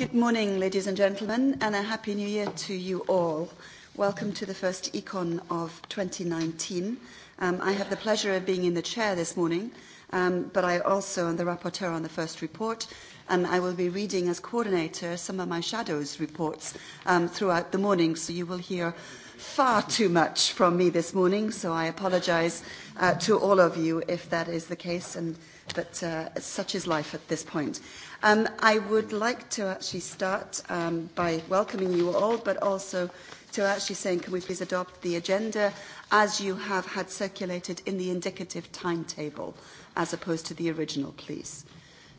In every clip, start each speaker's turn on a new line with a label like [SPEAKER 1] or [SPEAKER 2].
[SPEAKER 1] Good morning, ladies and gentlemen, and a happy new year to you all. Welcome to the first Econ of 2019. Um, I have the pleasure of being in the chair this morning, um, but I also am the rapporteur on the first report, and I will be reading as coordinator some of my shadows' reports um, throughout the morning, so you will hear far too much from me this morning, so I apologize uh, to all of you if that is the case, and, but uh, such is life at this point. Um, I would like to actually start um, by welcoming you all, but also to actually saying, can we please adopt the agenda as you have had circulated in the indicative timetable, as opposed to the original, please.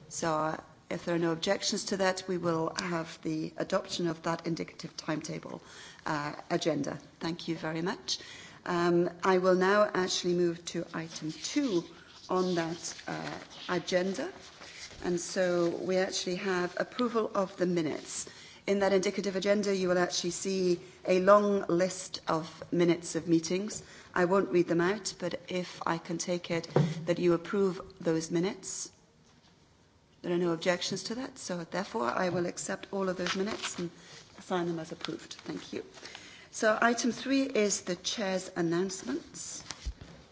[SPEAKER 1] So uh, if there are no objections to that, we will have the adoption of that indicative timetable uh, agenda. Thank you very much. Um, I will now actually move to item two on that uh, agenda. And so we actually have approval of the minutes. In that indicative agenda, you will actually see a long list of minutes of meetings. I won't read them out, but if I can take it that you approve those minutes. There are no objections to that, so therefore I will accept all of those minutes and assign them as approved. Thank you. So item three is the chair's announcements.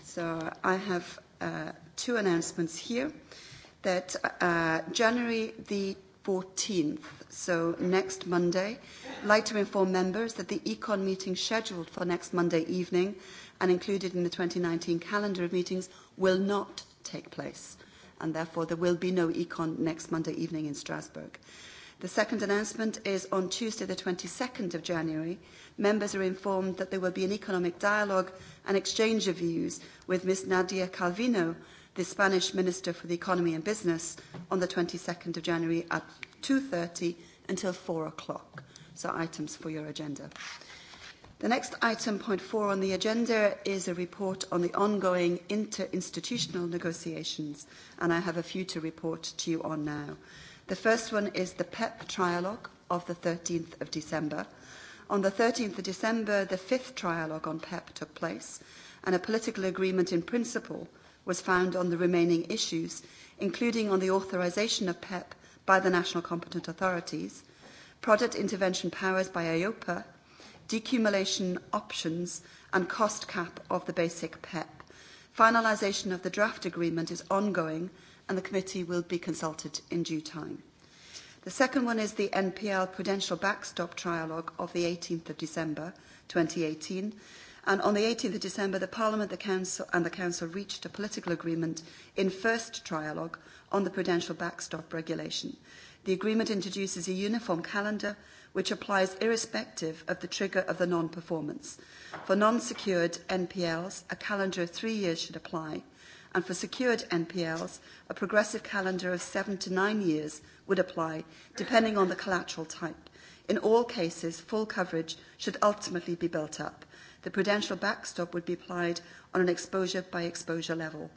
[SPEAKER 1] So I have uh, two announcements here that uh, January the 14th, so next Monday, I'd like to inform members that the Econ meeting scheduled for next Monday evening and included in the 2019 calendar of meetings will not take place and therefore there will be no Econ next Monday evening in Strasbourg. The second announcement is on Tuesday, the 22nd of January, members are informed that there will be an economic dialogue and exchange of views with Ms. Nadia Calvino, the Spanish Minister for the Economy and Business, on the 22nd of January at 2.30 until 4 o'clock. So items for your agenda. The next item, point four on the agenda, is a report on the ongoing interinstitutional negotiations, and I have a few to report to you on now. The first one is the PEP trialogue of the 13th of December. On the 13th of December, the fifth trialogue on PEP took place, and a political agreement in principle was found on the remaining issues, including on the authorisation of PEP by the national competent authorities, product intervention powers by EIOPA, decumulation options and cost cap of the basic PEP. Finalisation of the draft agreement is ongoing and the committee will be consulted in due time. The second one is the NPL Prudential Backstop Trialogue of the 18th of December 2018. And on the 18th of December, the Parliament the Council, and the Council reached a political agreement in first trialogue on the Prudential Backstop Regulation. The agreement introduces a uniform calendar which applies irrespective of the trigger of the non-performance. For non-secured NPLs, a calendar of three years should apply – and for secured NPLs, a progressive calendar of seven to nine years would apply, depending on the collateral type. In all cases, full coverage should ultimately be built up. The prudential backstop would be applied on an exposure-by-exposure -exposure level.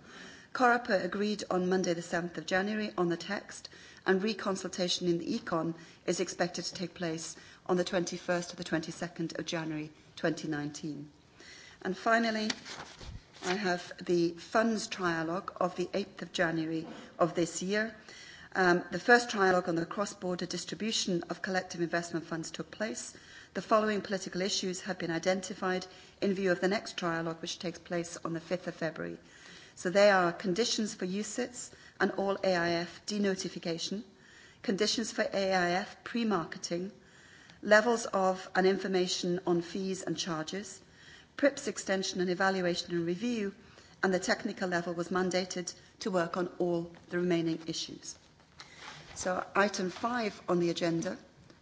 [SPEAKER 1] CORAPA agreed on Monday the 7th of January on the text, and reconsultation in the Econ is expected to take place on the 21st to the 22nd of January 2019. And finally, I have the funds trialogue of the 8th of January of this year. Um, the first trialogue on the cross-border distribution of collective investment funds took place. The following political issues have been identified in view of the next trialogue, which takes place on the 5th of February. So they are conditions for UCITS and all AIF denotification, conditions for AIF pre-marketing, levels of and information on fees and charges, PRIPS extension and evaluation and review, and the technical level was mandated to work on all the remaining issues. So item five on the agenda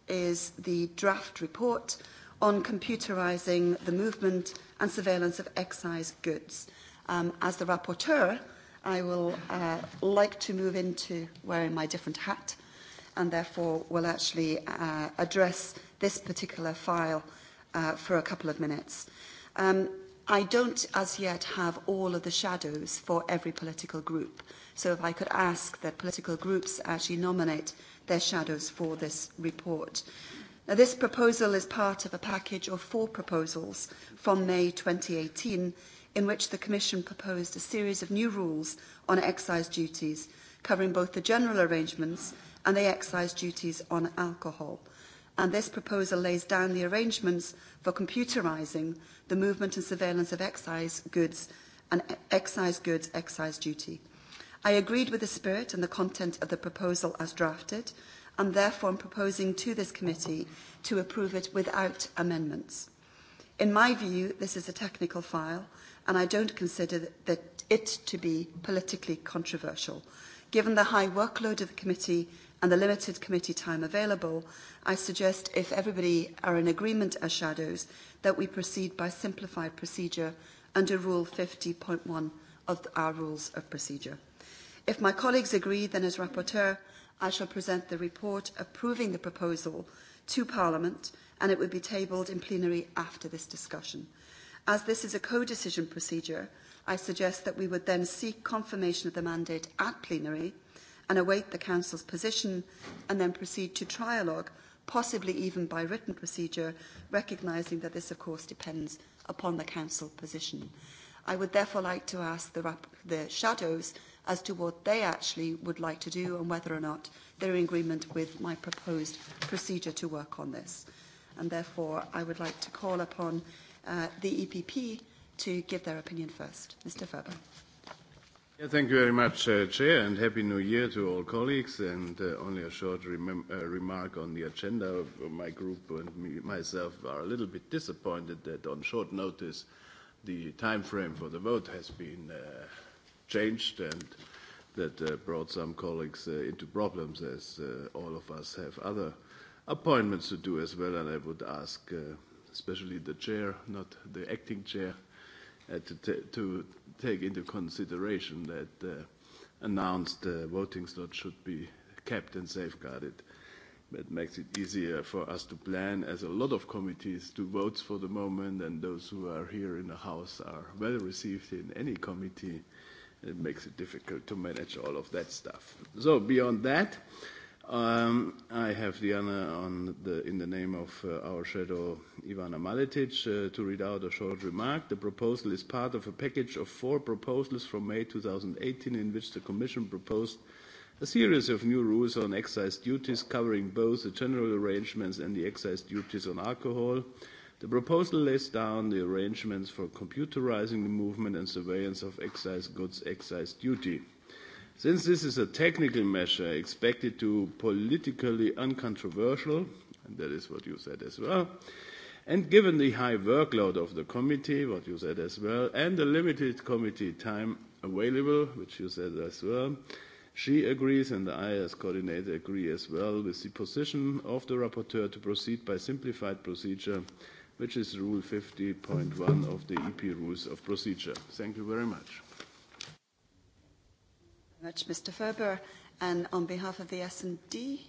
[SPEAKER 1] is the draft report on computerising the movement and surveillance of excise goods. Um, as the rapporteur, I will uh, like to move into wearing my different hat and therefore will actually uh, address this particular file uh, for a couple of minutes. Um, I don't as yet have all of the shadows for every political group. So if I could ask that political groups actually nominate their shadows for this report. Now, this proposal is part of a package of four proposals from May 2018 in which the Commission proposed a series of new rules on excise duties covering both the general arrangements and the excise duties on alcohol. Uh, and this proposal lays down the arrangements for computerising the movement and surveillance of excise goods and e-, excise goods excise duty. I agreed with the spirit and the content of the proposal as drafted and therefore am proposing to this committee to approve it without amendments. In my view, this is a technical file and I don't consider that it to be politically controversial. Given the high workload of the committee, and the limited committee time available, I suggest if everybody are in agreement as shadows that we proceed by simplified procedure under Rule 50.1 of our Rules of Procedure. If my colleagues agree, then as rapporteur, I shall present the report approving the proposal to Parliament and it would be tabled in plenary after this discussion. As this is a co-decision procedure, I suggest that we would then seek confirmation of the mandate at plenary – and await the Council's position and then proceed to trialogue, possibly even by written procedure, recognising that this, of course, depends upon the Council position. I would therefore like to ask the, rap the shadows as to what they actually would like to do and whether or not they're in agreement with my proposed procedure to work on this. And therefore, I would like to call upon uh, the EPP to give their opinion first. Mr Ferber. Mm -hmm.
[SPEAKER 2] Yeah, thank you very much, uh, Chair, and Happy New Year to all colleagues. And uh, only a short remem- uh, remark on the agenda. My group and me, myself are a little bit disappointed that on short notice the time frame for the vote has been uh, changed and that uh, brought some colleagues uh, into problems as uh, all of us have other appointments to do as well. And I would ask uh, especially the chair, not the acting chair, uh, to, to take into consideration that uh, announced uh, voting slots should be kept and safeguarded. That makes it easier for us to plan, as a lot of committees do votes for the moment, and those who are here in the House are well received in any committee. It makes it difficult to manage all of that stuff. So beyond that, uh, Um, I have the honor on the, in the name of uh, our shadow, Ivana Maletic, uh, to read out a short remark. The proposal is part of a package of four proposals from May 2018 in which the Commission proposed a series of new rules on excise duties covering both the general arrangements and the excise duties on alcohol. The proposal lays down the arrangements for computerizing the movement and surveillance of excise goods excise duty. Since this is a technical measure expected to politically uncontroversial, and that is what you said as well, and given the high workload of the committee, what you said as well, and the limited committee time available, which you said as well, She agrees, and I, as coordinator, agree as well with the position of the rapporteur to proceed by simplified procedure, which is Rule 50.1 of the EP Rules of Procedure. Thank you very much
[SPEAKER 1] much, Mr. Ferber. And on behalf of the S&D?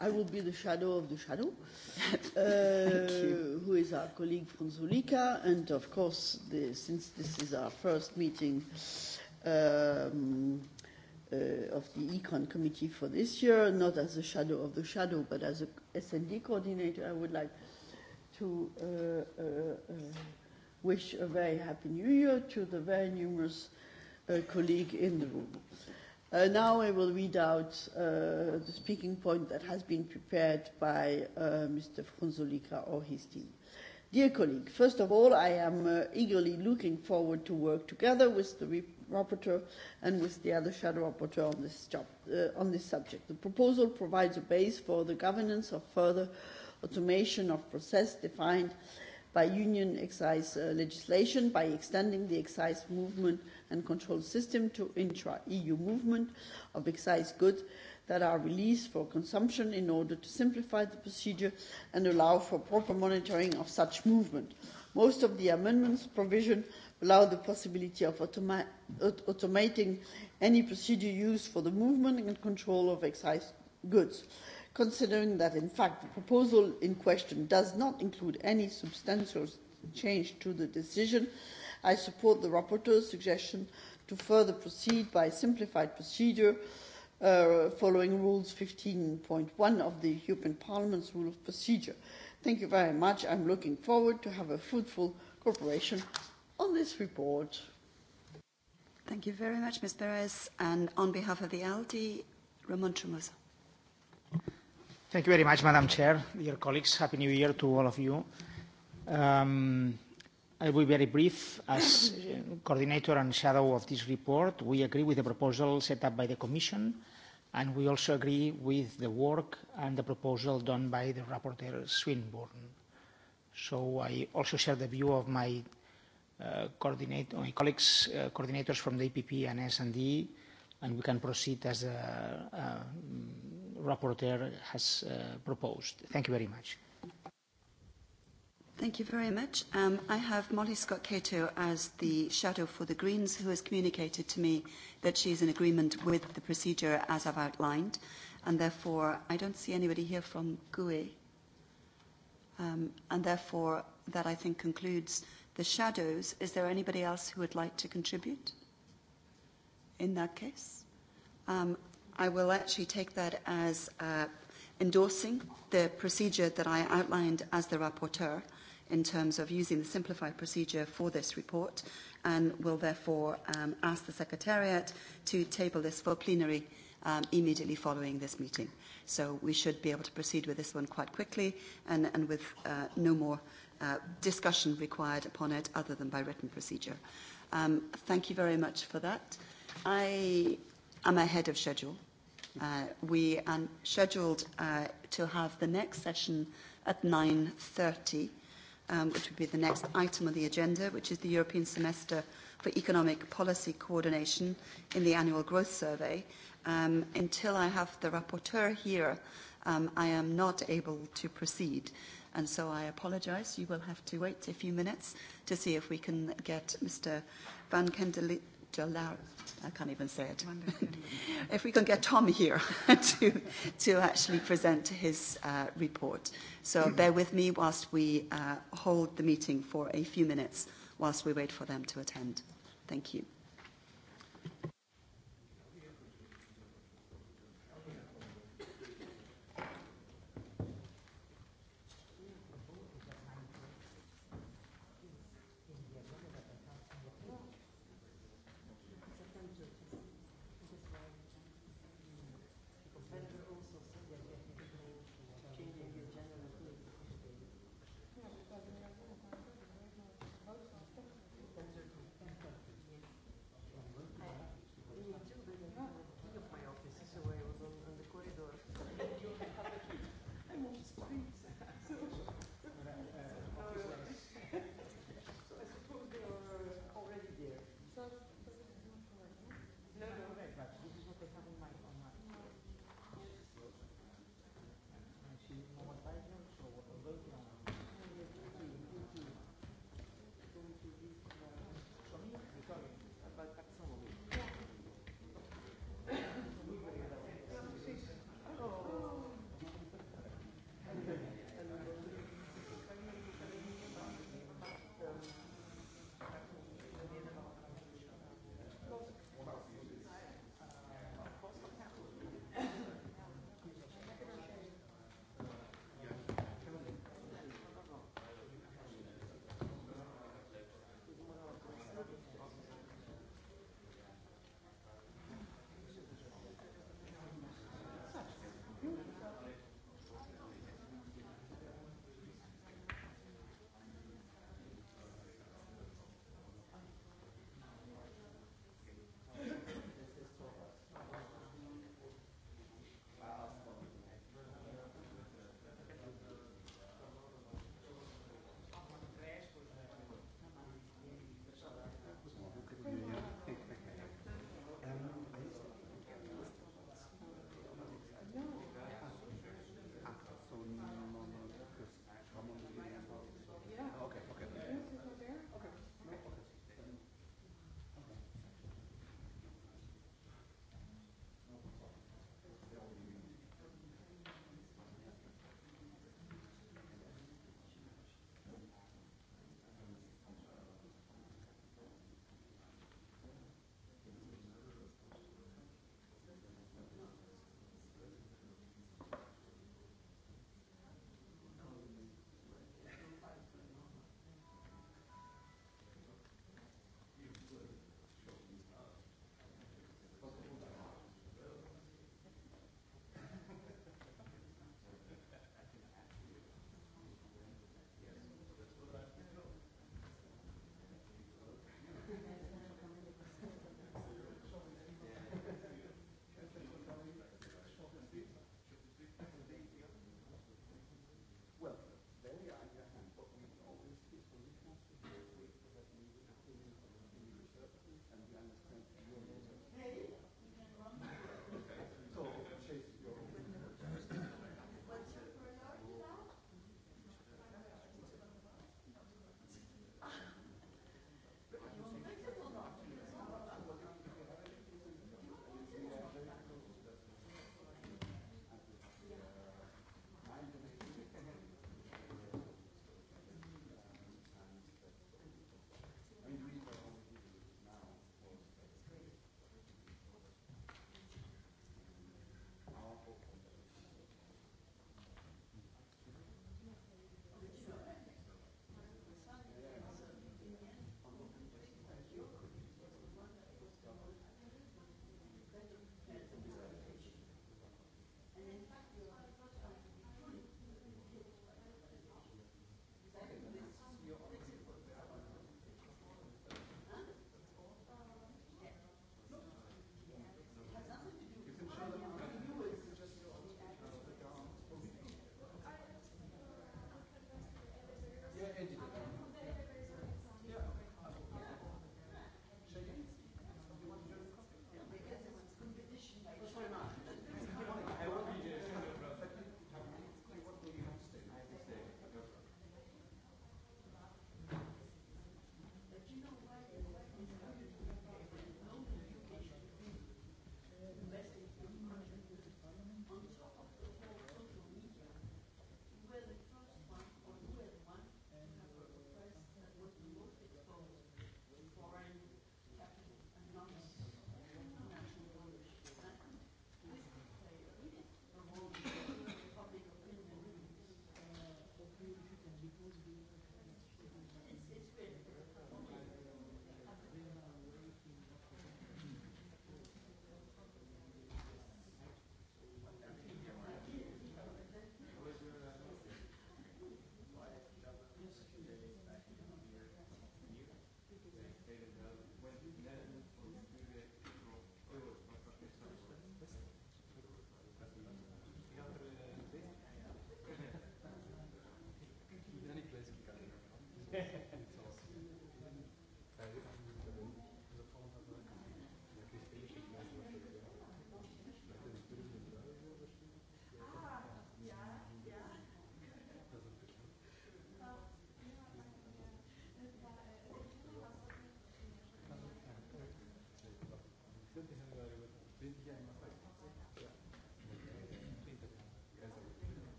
[SPEAKER 1] I will be the shadow of the shadow,
[SPEAKER 3] uh, who is our colleague from Zulika. And of course, the, since this is our first meeting um, uh, of the Econ Committee for this year, not as a shadow of the shadow, but as a S&D coordinator, I would like to uh, uh, uh, wish a very happy new year to the very numerous uh, uh, colleague in the room. Uh, now I will read out uh, the speaking point that has been prepared by uh, Mr. Frunzolika or his team. Dear colleague, first of all, I am uh, eagerly looking forward to work together with the re- rapporteur and with the other shadow rapporteur on this, job, uh, on this subject. The proposal provides a base for the governance of further automation of process defined by union excise uh, legislation by extending the excise movement uh, and control system to intra-EU movement of excise goods that are released for consumption in order to simplify the procedure and allow for proper monitoring of such movement. Most of the amendments provision allow the possibility of automa automating any procedure used for the movement and control of excise goods. Considering that, in fact, the proposal in question does not include any substantial change to the decision, uh, I support the rapporteur's suggestion to further proceed by a simplified procedure uh, following rules 15.1 of the European Parliament's rule of procedure.
[SPEAKER 1] Thank you very much. I'm looking forward to have a fruitful cooperation on this report. Thank you very much, Ms. Perez. And on behalf of the ALDE, Ramon Tremosa.
[SPEAKER 4] Thank you very much, Madam Chair, dear colleagues. Happy New Year to all of you. Um, I will be very brief. As coordinator and shadow of this report, we agree with the proposal set up by the Commission, and we also agree with the work and the proposal done by the rapporteur Swinburne. So I also share the view of my, uh, coordinate, my colleagues, uh, coordinators from the EPP and S&D, and we can proceed as the uh, uh, rapporteur has uh, proposed. Thank you very much.
[SPEAKER 1] Thank you very much. Um, I have Molly Scott Cato as the shadow for the Greens, who has communicated to me that she is in agreement with the procedure as I've outlined, and therefore I don't see anybody here from GUE, um, and therefore that I think concludes the shadows. Is there anybody else who would like to contribute? In that case, um, I will actually take that as uh, endorsing the procedure that I outlined as the rapporteur in terms of using the simplified procedure for this report and will therefore um, ask the Secretariat to table this for plenary um, immediately following this meeting. So we should be able to proceed with this one quite quickly and, and with uh, no more uh, discussion required upon it other than by written procedure. Um, thank you very much for that. I am ahead of schedule. Uh, we are scheduled uh, to have the next session at 9.30 um, which would be the next item on the agenda, which is the European Semester for Economic Policy Coordination in the Annual Growth Survey. Um, until I have the rapporteur here, um, I am not able to proceed. And so I apologize. You will have to wait a few minutes to see if we can get Mr. Van Kendelen Jill Lauer. I can't even say it. if we can get Tom here to, to actually present his uh, report. So mm. bear with me whilst we uh, hold the meeting for a few minutes whilst we wait for them to attend. Thank you.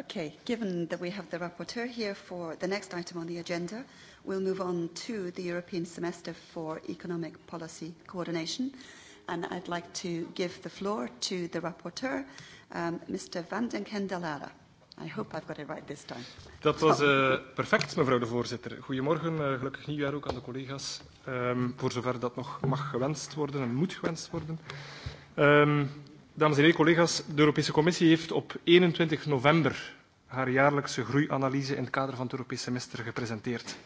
[SPEAKER 1] Okay, given that we have the rapporteur here for the next item on the agenda, we'll move on to the European Semester for Economic Policy Coordination. And I'd like to give the floor to the rapporteur, um, Mr. Van den Kendelara. I hope I've got it right this time.
[SPEAKER 5] Dat was uh, perfect, mevrouw de voorzitter. Goedemorgen, uh, gelukkig nieuwjaar ook aan de collega's. Um, voor zover dat nog mag gewenst worden en moet gewenst worden. Um, Dames en heren, collega's, de Europese Commissie heeft op 21 november haar jaarlijkse groeianalyse in het kader van het Europees semester gepresenteerd.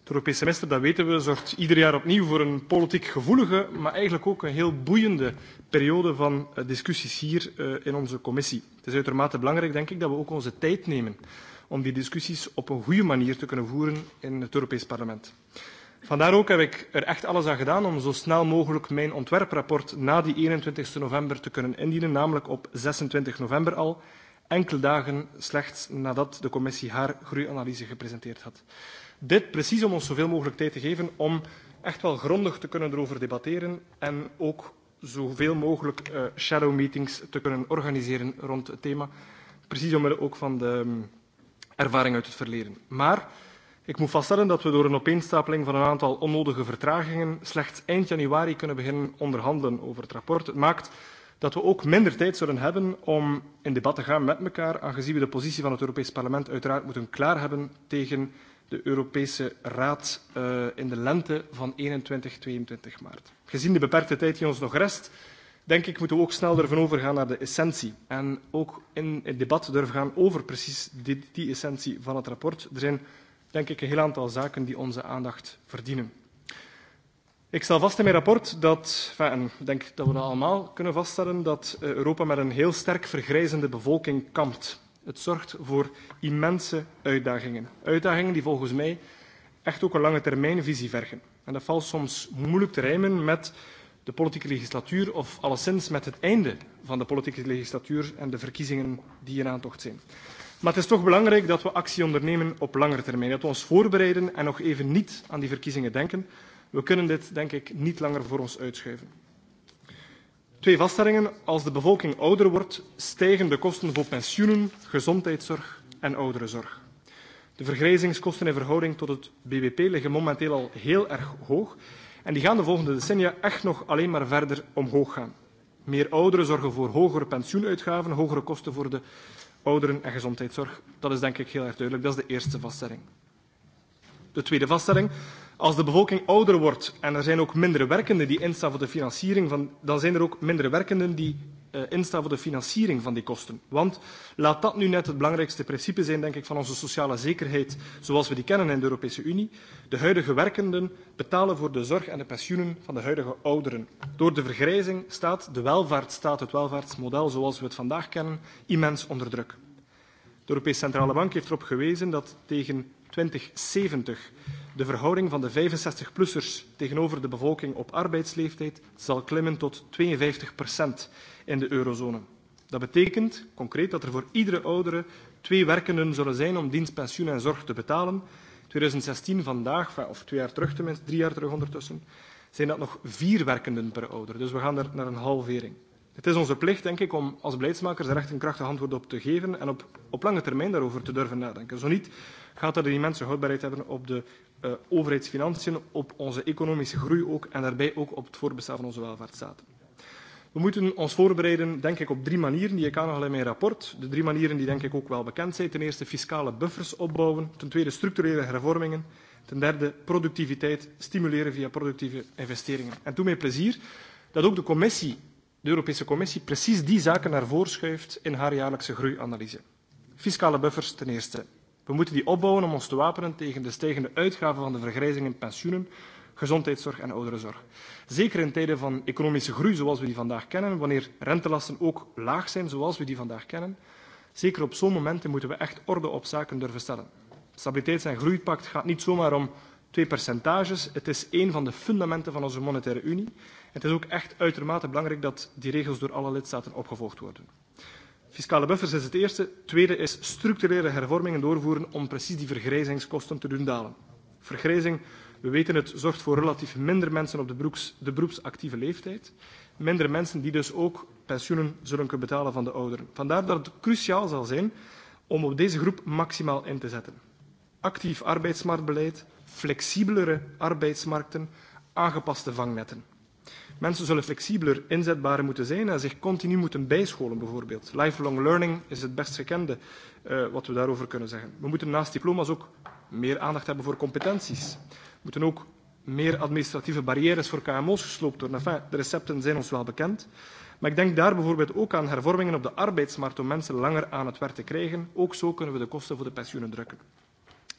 [SPEAKER 5] Het Europees semester, dat weten we, zorgt ieder jaar opnieuw voor een politiek gevoelige, maar eigenlijk ook een heel boeiende periode van eh, discussies hier eh, in onze commissie. Het is uitermate belangrijk, denk ik, dat we ook onze tijd nemen om die discussies op een goede manier te kunnen voeren in het Europees Parlement. Vandaar ook heb ik er echt alles aan gedaan om zo snel mogelijk mijn ontwerprapport na die 21 november te kunnen indienen, namelijk op 26 november al, enkele dagen slechts nadat de commissie haar groeianalyse gepresenteerd had. Dit precies om ons zoveel mogelijk tijd te geven om echt wel grondig te kunnen erover debatteren en ook zoveel mogelijk uh, shadow meetings te kunnen organiseren rond het thema. Precies omwille ook van de um, ervaring uit het verleden. Maar Ik moet vaststellen dat we door een opeenstapeling van een aantal onnodige vertragingen slechts eind januari kunnen beginnen onderhandelen over het rapport. Het maakt dat we ook minder tijd zullen hebben om in debat te gaan met elkaar, aangezien we de positie van het Europees Parlement uiteraard moeten klaar hebben tegen de Europese Raad uh, in de lente van 21, 22 maart. Gezien de beperkte tijd die ons nog rest, denk ik moeten we ook snel durven overgaan naar de essentie. En ook in het debat durven gaan over precies die, die essentie van het rapport. Er zijn denk ik, een heel aantal zaken die onze aandacht verdienen. Ik stel vast in mijn rapport dat, enfin, en ik denk dat we dat allemaal kunnen vaststellen, dat eh, Europa met een heel sterk vergrijzende bevolking kampt. Het zorgt voor immense uitdagingen. Uitdagingen die volgens mij echt ook een lange termijnvisie vergen. En dat valt soms moeilijk te rijmen met de politieke legislatuur of alleszins met het einde van de politieke legislatuur en de verkiezingen die in aantocht zijn. Maar het is toch belangrijk dat we actie ondernemen op langere termijn. Dat we ons voorbereiden en nog even niet aan die verkiezingen denken. We kunnen dit, denk ik, niet langer voor ons uitschuiven. Twee vaststellingen. Als de bevolking ouder wordt, stijgen de kosten voor pensioenen, gezondheidszorg en ouderenzorg. De vergrijzingskosten in verhouding tot het BBP liggen momenteel al heel erg hoog en die gaan de volgende decennia echt nog alleen maar verder omhoog gaan. Meer ouderen zorgen voor hogere pensioenuitgaven, hogere kosten voor de ouderen en gezondheidszorg. Dat is denk ik heel erg duidelijk. Dat is de eerste vaststelling. De tweede vaststelling. Als de bevolking ouder wordt en er zijn ook minder werkenden die instaan voor de financiering van, dan zijn er ook minder werkenden die uh, instaan voor de financiering van die kosten. Want laat dat nu net het belangrijkste principe zijn, denk ik, van onze sociale zekerheid zoals we die kennen in de Europese Unie. De huidige werkenden betalen voor de zorg en de pensioenen van de huidige ouderen. Door de vergrijzing staat de welvaartsstaat, het welvaartsmodel zoals we het vandaag kennen, immens onder druk. De Europese Centrale Bank heeft erop gewezen dat tegen 2070 De verhouding van de 65-plussers tegenover de bevolking op arbeidsleeftijd zal klimmen tot 52 procent in de eurozone. Dat betekent concreet dat er voor iedere oudere twee werkenden zullen zijn om dienst, pensioen en zorg te betalen. 2016 vandaag, of twee jaar terug tenminste, drie jaar terug ondertussen, zijn dat nog vier werkenden per ouder. Dus we gaan daar er naar een halvering. Het is onze plicht, denk ik, om als beleidsmakers er echt een krachtig antwoord op te geven en op, op lange termijn daarover te durven nadenken. Zo niet gaat er dat een immense houdbaarheid hebben op de uh, overheidsfinanciën, op onze economische groei ook en daarbij ook op het voortbestaan van onze welvaartsstaten. We moeten ons voorbereiden, denk ik, op drie manieren, die ik aanhaal in mijn rapport. De drie manieren die denk ik ook wel bekend zijn. Ten eerste fiscale buffers opbouwen, ten tweede structurele hervormingen, ten derde productiviteit stimuleren via productieve investeringen. En doe mij plezier dat ook de commissie, de Europese Commissie, precies die zaken naar voren schuift in haar jaarlijkse groeianalyse. Fiscale buffers ten eerste. We moeten die opbouwen om ons te wapenen tegen de stijgende uitgaven van de vergrijzing in pensioenen, gezondheidszorg en ouderenzorg. Zeker in tijden van economische groei zoals we die vandaag kennen, wanneer rentelasten ook laag zijn zoals we die vandaag kennen, zeker op zo'n momenten moeten we echt orde op zaken durven stellen. Het Stabiliteits- en Groeipact gaat niet zomaar om twee percentages. Het is een van de fundamenten van onze monetaire unie. Het is ook echt uitermate belangrijk dat die regels door alle lidstaten opgevolgd worden. Fiscale buffers is het eerste. Tweede is structurele hervormingen doorvoeren om precies die vergrijzingskosten te doen dalen. Vergrijzing, we weten het, zorgt voor relatief minder mensen op de, broeks, de beroepsactieve leeftijd. Minder mensen die dus ook pensioenen zullen kunnen betalen van de ouderen. Vandaar dat het cruciaal zal zijn om op deze groep maximaal in te zetten. Actief arbeidsmarktbeleid, flexibelere arbeidsmarkten, aangepaste vangnetten. Mensen zullen flexibeler inzetbaar moeten zijn en zich continu moeten bijscholen bijvoorbeeld. Lifelong learning is het best gekende uh, wat we daarover kunnen zeggen. We moeten naast diploma's ook meer aandacht hebben voor competenties. We moeten ook meer administratieve barrières voor KMO's gesloopt worden. Enfin, de recepten zijn ons wel bekend. Maar ik denk daar bijvoorbeeld ook aan hervormingen op de arbeidsmarkt om mensen langer aan het werk te krijgen. Ook zo kunnen we de kosten voor de pensioenen drukken.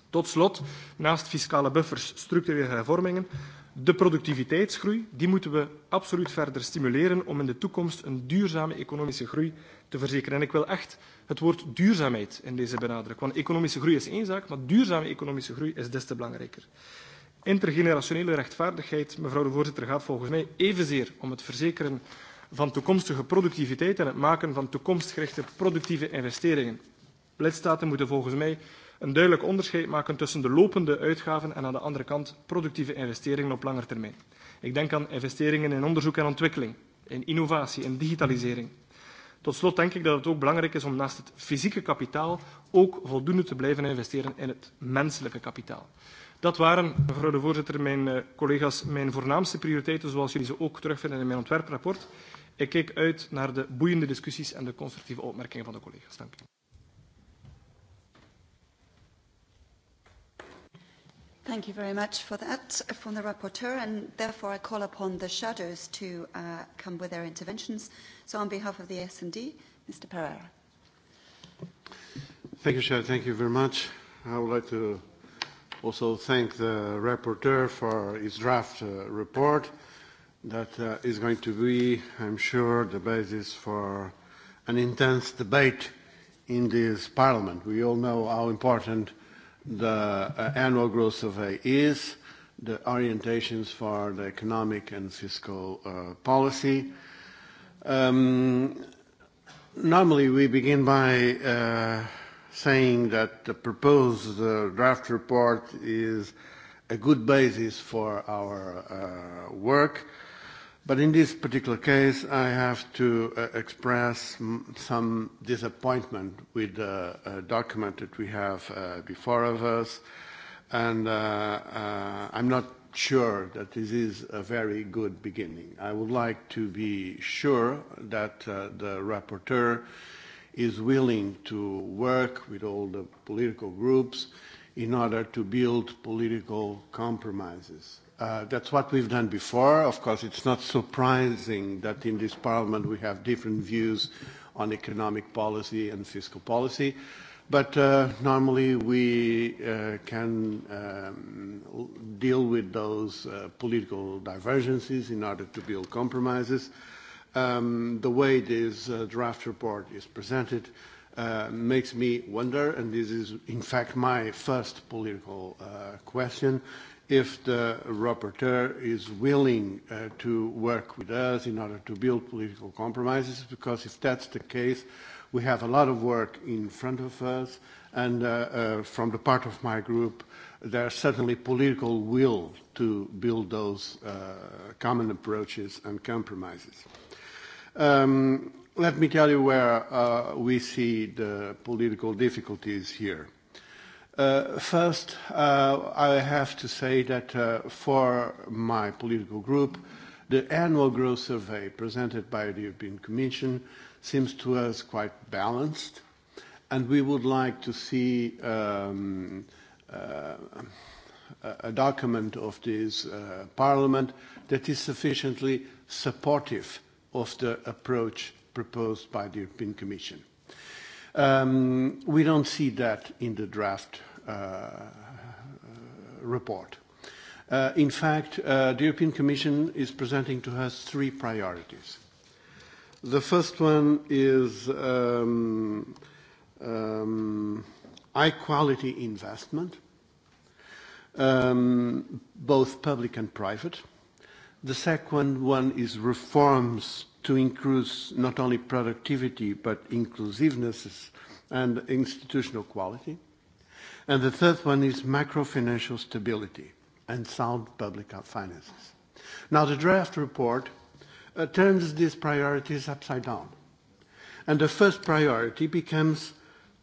[SPEAKER 5] Tot slot, naast fiscale buffers, structurele hervormingen, De productiviteitsgroei, die moeten we absoluut verder stimuleren om in de toekomst een duurzame economische groei te verzekeren. En ik wil echt het woord duurzaamheid in deze benadrukken. Want economische groei is één zaak, maar duurzame economische groei is des te belangrijker. Intergenerationele rechtvaardigheid, mevrouw de voorzitter, gaat volgens mij evenzeer om het verzekeren van toekomstige productiviteit en het maken van toekomstgerichte productieve investeringen. Lidstaten moeten volgens mij een duidelijk onderscheid maken tussen de lopende uitgaven en aan de andere kant productieve investeringen op langer termijn. Ik denk aan investeringen in onderzoek en ontwikkeling, in innovatie, in digitalisering. Tot slot denk ik dat het ook belangrijk is om naast het fysieke kapitaal ook voldoende te blijven investeren in het menselijke kapitaal. Dat waren, mevrouw de voorzitter, mijn uh, collega's, mijn voornaamste prioriteiten, zoals jullie ze ook terugvinden in mijn ontwerprapport. Ik kijk uit naar de boeiende discussies en de constructieve opmerkingen van de collega's. Dank u.
[SPEAKER 1] Thank you very much for that from the rapporteur, and therefore I call upon the shadows to uh, come with their interventions. So on behalf of the S&D, Mr. Pereira.
[SPEAKER 6] Thank you, Chair. Thank you very much. I would like to also thank the rapporteur for his draft uh, report that uh, is going to be, I'm sure, the basis for an intense debate in this parliament. We all know how important uh, the uh, annual growth survey is, the orientations for the economic and fiscal uh, policy. Um, normally, we begin by uh, saying that the proposed uh, draft report is a good basis for our uh, work. Uh, But in this particular case, I have to uh, express m- some disappointment with the uh, document that we have uh, before of us. And uh, uh, I'm not sure that this is a very good beginning. I would like to be sure that uh, the rapporteur is willing to work with all the political groups in order to build political compromises Uh, that's what we've done before. Of course, it's not surprising that in this parliament we have different views on economic policy and fiscal policy. But uh, normally we uh, can um, deal with those uh, political divergences in order to build compromises. Um, the way this uh, draft report is presented uh, makes me wonder, and this is in fact my first political uh, question, uh, if the rapporteur is willing uh, to work with us in order to build political compromises, because if that's the case, we have a lot of work in front of us, and uh, uh, from the part of my group, there's certainly political will to build those uh, common approaches and compromises. Um, let me tell you where uh, we see the political difficulties here. Uh, first, uh, I have to say that uh, for my political group, the annual growth survey presented by the European Commission seems to us quite balanced, and we would like to see um, uh, a document of this uh, parliament that is sufficiently supportive of the approach proposed by the European Commission. Um, we don't see that in the draft uh, report. Uh, in fact, uh, the European Commission is presenting to us three priorities. The first one is um, um, high-quality investment, um, both public and private. The second one is reforms to increase not only productivity but inclusiveness and institutional quality. And the third one is macrofinancial stability and sound public finances. Now, the draft report uh, turns these priorities upside down. And the first priority becomes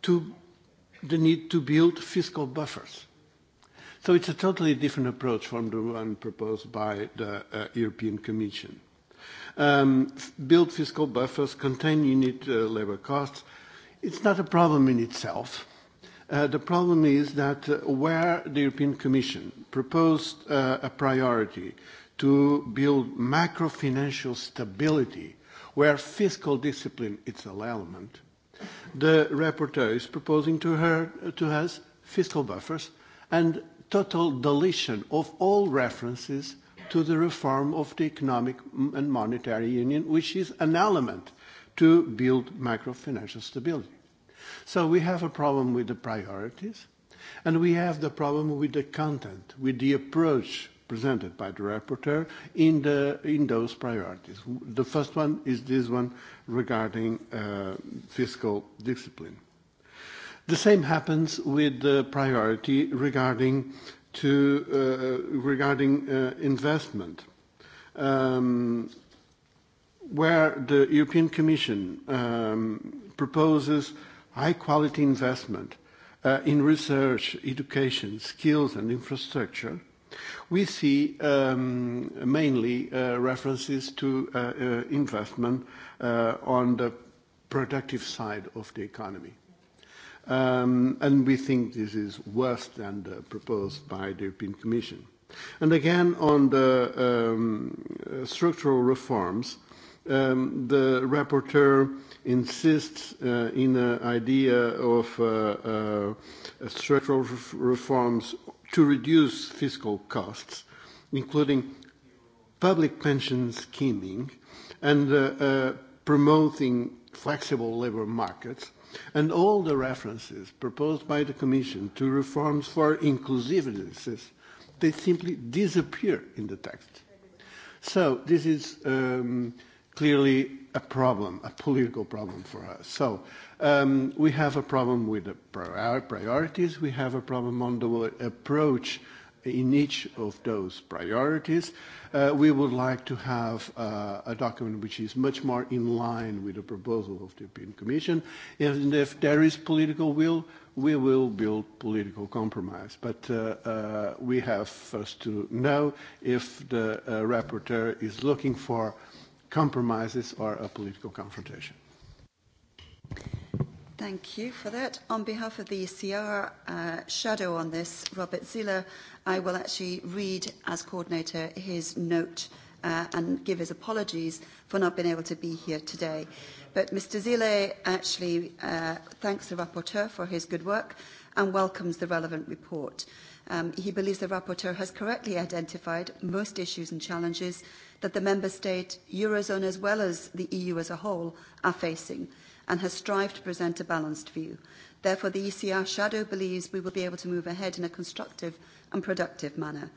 [SPEAKER 6] to the need to build fiscal buffers. So it's a totally different approach from the one proposed by the uh, European Commission um, build fiscal buffers, contain unit uh, labor costs. It's not a problem in itself. Uh, the problem is that uh, where the European Commission proposed uh, a priority to build macro-financial stability, where fiscal discipline is an element, the rapporteur is proposing to, her, to us fiscal buffers and total deletion of all references to the reform of the economic and monetary union, which is an element to build macro-financial stability. So we have a problem with the priorities, and we have the problem with the content, with the approach presented by the rapporteur in, the, in those priorities. The first one is this one regarding uh, fiscal discipline. The same happens with the priority regarding to uh, uh, regarding uh, investment, um, where the European Commission um, proposes high-quality investment uh, in research, education, skills, and infrastructure, we see um, mainly uh, references to uh, uh, investment uh, on the productive side of the economy Um, and we think this is worse than the proposed by the European Commission. And again, on the um, uh, structural reforms, um, the rapporteur insists uh, in the idea of uh, uh, structural reforms to reduce fiscal costs, including public pension scheming and uh, uh, promoting flexible labor markets and all the references proposed by the Commission to reforms for inclusiveness, they simply disappear in the text. So this is um, clearly a problem, a political problem for us. So um, we have a problem with the priorities, we have a problem on the approach uh, in each of those priorities, uh, we would like to have uh, a document which is much more in line with the proposal of the European Commission. And if there is political will, we will build political compromise. But uh, uh, we have first to know if the uh, rapporteur is looking for compromises or a political confrontation.
[SPEAKER 1] Thank you for that. On behalf of the ECR uh, shadow on this, Robert Ziller, I will actually read as coordinator his note uh, and give his apologies for not being able to be here today. But Mr. Zille actually uh, thanks the rapporteur for his good work and welcomes the relevant report. Um, he believes the rapporteur has correctly identified most issues and challenges that the member state, Eurozone as well as the EU as a whole are facing – and has strived to present a balanced view. Therefore, the ECR shadow believes we will be able to move ahead in a constructive and productive manner.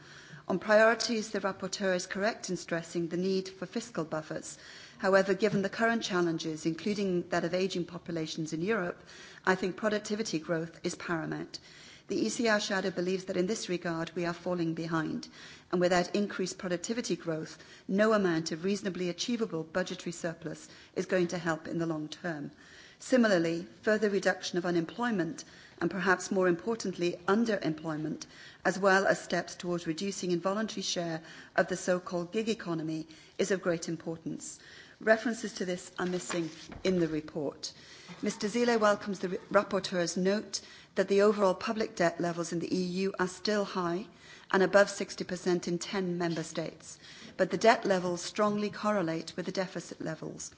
[SPEAKER 1] On priorities, the rapporteur is correct in stressing the need for fiscal buffers. However, given the current challenges, including that of ageing populations in Europe, I think productivity growth is paramount. The ECR shadow believes that in this regard we are falling behind and without increased productivity growth, no amount of reasonably achievable budgetary surplus is going to help in the long term. Similarly, further reduction of unemployment and perhaps more importantly underemployment, as well as steps towards reducing involuntary share of the so-called gig economy is of great importance. References to this are missing in the report. Mr Zile welcomes the rapporteur's note that the overall public debt levels in the EU are still high – and above 60% in 10 member states, but the debt levels strongly correlate with the deficit levels.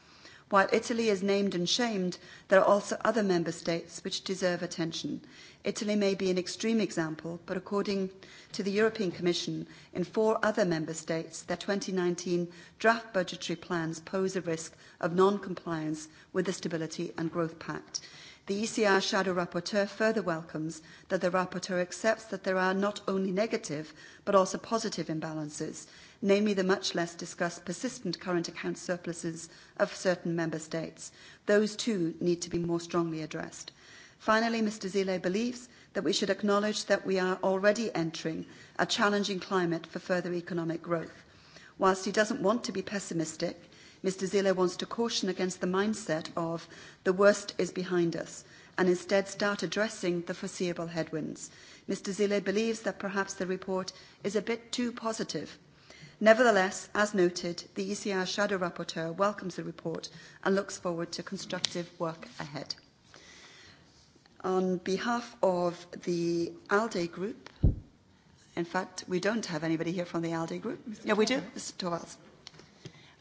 [SPEAKER 1] While Italy is named and shamed, there are also other member states which deserve attention. Italy may be an extreme example, but according to the European Commission, in four other member states, their 2019 draft budgetary plans pose a risk of non-compliance with the Stability and Growth Pact. The ECR Shadow Rapporteur further welcomes that the Rapporteur accepts that there are not only negative but also positive imbalances, namely the much less discussed persistent current account surpluses of certain Member States. Those too need to be more strongly addressed. Finally, Mr Zile believes that we should acknowledge that we are already entering a challenging climate for further economic growth. Whilst he doesn't want to be pessimistic, Mr Zille wants to caution against the mindset of the worst is behind us and instead start addressing the foreseeable headwinds. Mr Zille believes that perhaps the report is a bit too positive. Nevertheless, as noted, the ECR Shadow Rapporteur welcomes the report and looks forward to constructive work ahead. On behalf of the ALDE Group, in fact, we don't have anybody here from the ALDE Group. No, we do. Mr Torvalds.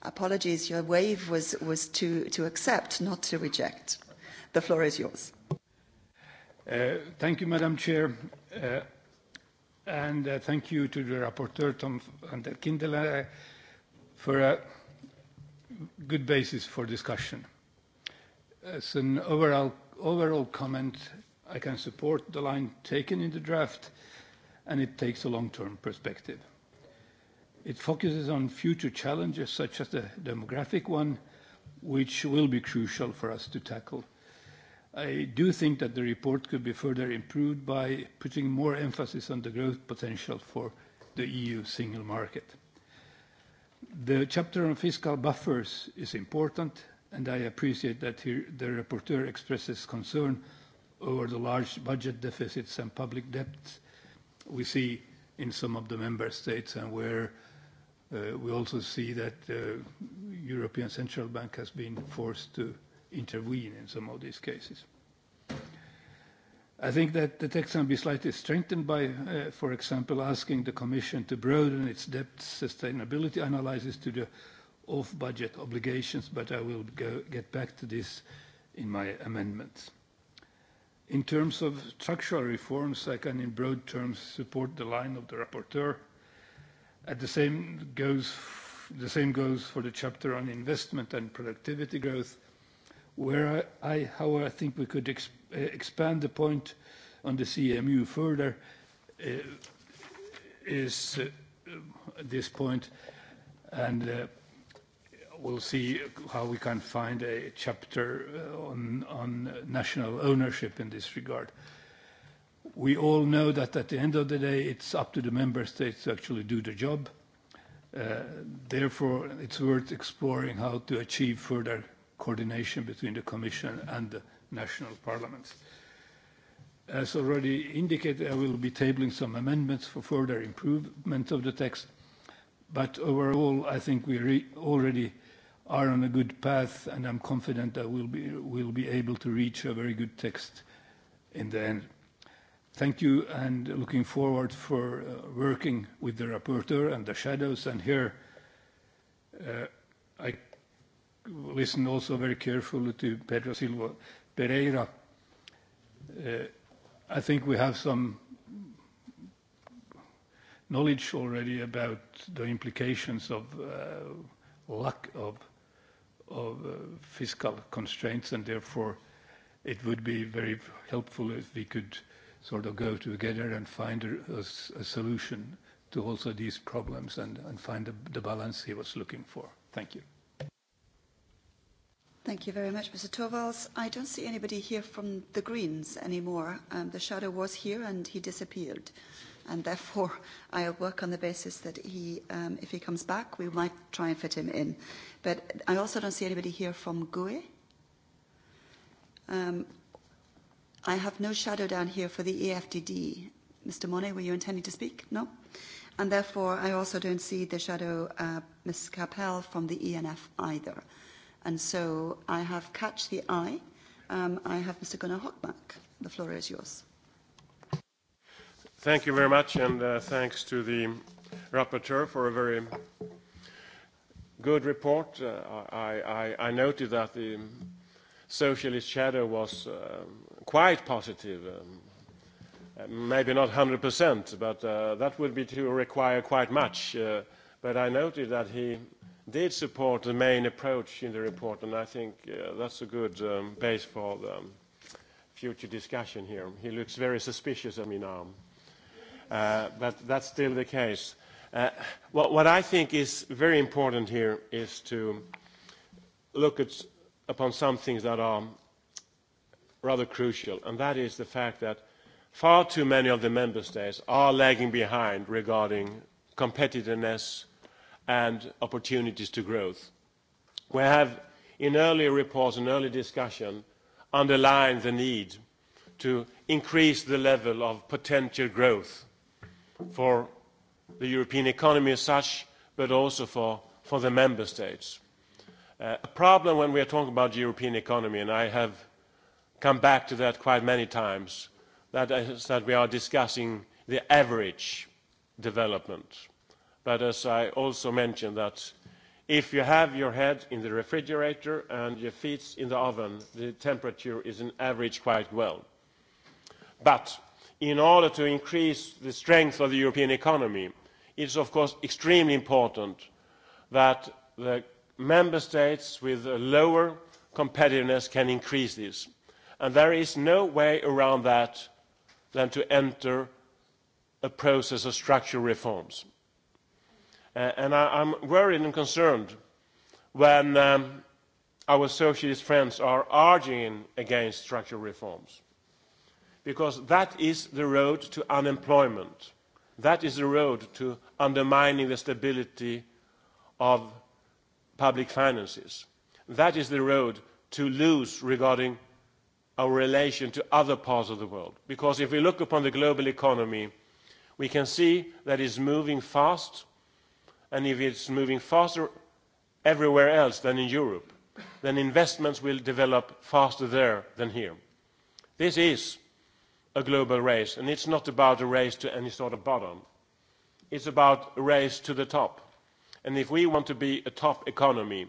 [SPEAKER 1] Apologies, your wave was, was to, to accept, not to reject. The floor is yours.
[SPEAKER 7] Uh, thank you, Madam Chair. Uh, and uh, thank you to the rapporteur, Tom van der Kindelen, uh, for a good basis for discussion. As an overall, overall comment, I can support the line taken in the draft, and it takes a long-term perspective. It focuses on future challenges such as the demographic one, which will be crucial for us to tackle. I do think that the report could be further improved by putting more emphasis on the growth potential for the EU single market. The chapter on fiscal buffers is important, and I appreciate that here the rapporteur expresses concern over the large budget deficits and public debts we see in some of the member states and where uh, Uh, we also see that the uh, European Central Bank has been forced to intervene in some of these cases. I think that the text can be slightly strengthened by, uh, for example, asking the Commission to broaden its debt sustainability analysis to the off-budget obligations, but I will go, get back to this in my amendments. In terms of structural reforms, I can in broad terms support the line of the rapporteur uh, At the same goes, the same goes for the chapter on investment and productivity growth, where I, I however, I think we could ex eh, expand the point on the CMU further, uh, is uh, this point, and uh, we'll see how we can find a chapter on, on national ownership in this regard. Uh, we all know that at the end of the day, it's up to the member states to actually do the job. Uh, therefore, it's worth exploring how to achieve further coordination between the Commission and the national parliaments. As already indicated, I will be tabling some amendments for further improvement of the text. But overall, I think we already are on a good path, and I'm confident that we'll be, we'll be able to reach a very good text in the end. Thank you, and looking forward for uh, working with the rapporteur and the shadows. And here, uh, I listen also very carefully to Pedro Silva Pereira. Uh, I think we have some knowledge already about the implications of uh, lack of, of uh, fiscal constraints, and therefore, it would be very helpful if we could sort of go together and find a, a, a solution to also these problems and, and find the, the balance he was looking for. Thank you.
[SPEAKER 1] Thank you very much, Mr. Torvalds. I don't see anybody here from the Greens anymore. Um, the shadow was here and he disappeared. And therefore, I work on the basis that he, um, if he comes back, we might try and fit him in. But I also don't see anybody here from GUE. Um, I have no shadow down here for the EFDD. Mr. Monet, were you intending to speak? No? And therefore, I also don't see the shadow, uh, Ms. Capel, from the ENF either. And so I have catch the eye. Um, I have Mr. Gunnar Hockmark. The floor is yours.
[SPEAKER 8] Thank you very much, and uh, thanks to the rapporteur for a very good report. Uh, I, I, I noted that the socialist shadow was um, quite positive. Um, uh, maybe not 100%, but uh, that would be to require quite much. Uh, but I noted that he did support the main approach in the report, and I think uh, that's a good um, base for the um, future discussion here. He looks very suspicious at me now. Uh, but that's still the case. Uh, what, what I think is very important here is to look at upon some things that are rather crucial, and that is the fact that far too many of the member states are lagging behind regarding competitiveness and opportunities to growth. We have, in earlier reports and early discussion, underlined the need to increase the level of potential growth for the European economy as such, but also for, for the member states uh, a problem when we are talking about the European economy, and I have come back to that quite many times, that is that we are discussing the average development. But as I also mentioned, that if you have your head in the refrigerator and your feet in the oven, the temperature is on average quite well. But in order to increase the strength of the European economy, it's of course extremely important that the member states with a lower competitiveness can increase this. And there is no way around that than to enter a process of structural reforms. Uh, and I, I'm worried and concerned when um, our socialist friends are arguing against structural reforms. Because that is the road to unemployment. That is the road to undermining the stability of public finances. That is the road to lose regarding our relation to other parts of the world. Because if we look upon the global economy, we can see that it's moving fast, and if it's moving faster everywhere else than in Europe, then investments will develop faster there than here. This is a global race, and it's not about a race to any sort of bottom. It's about a race to the top And if we want to be a top economy,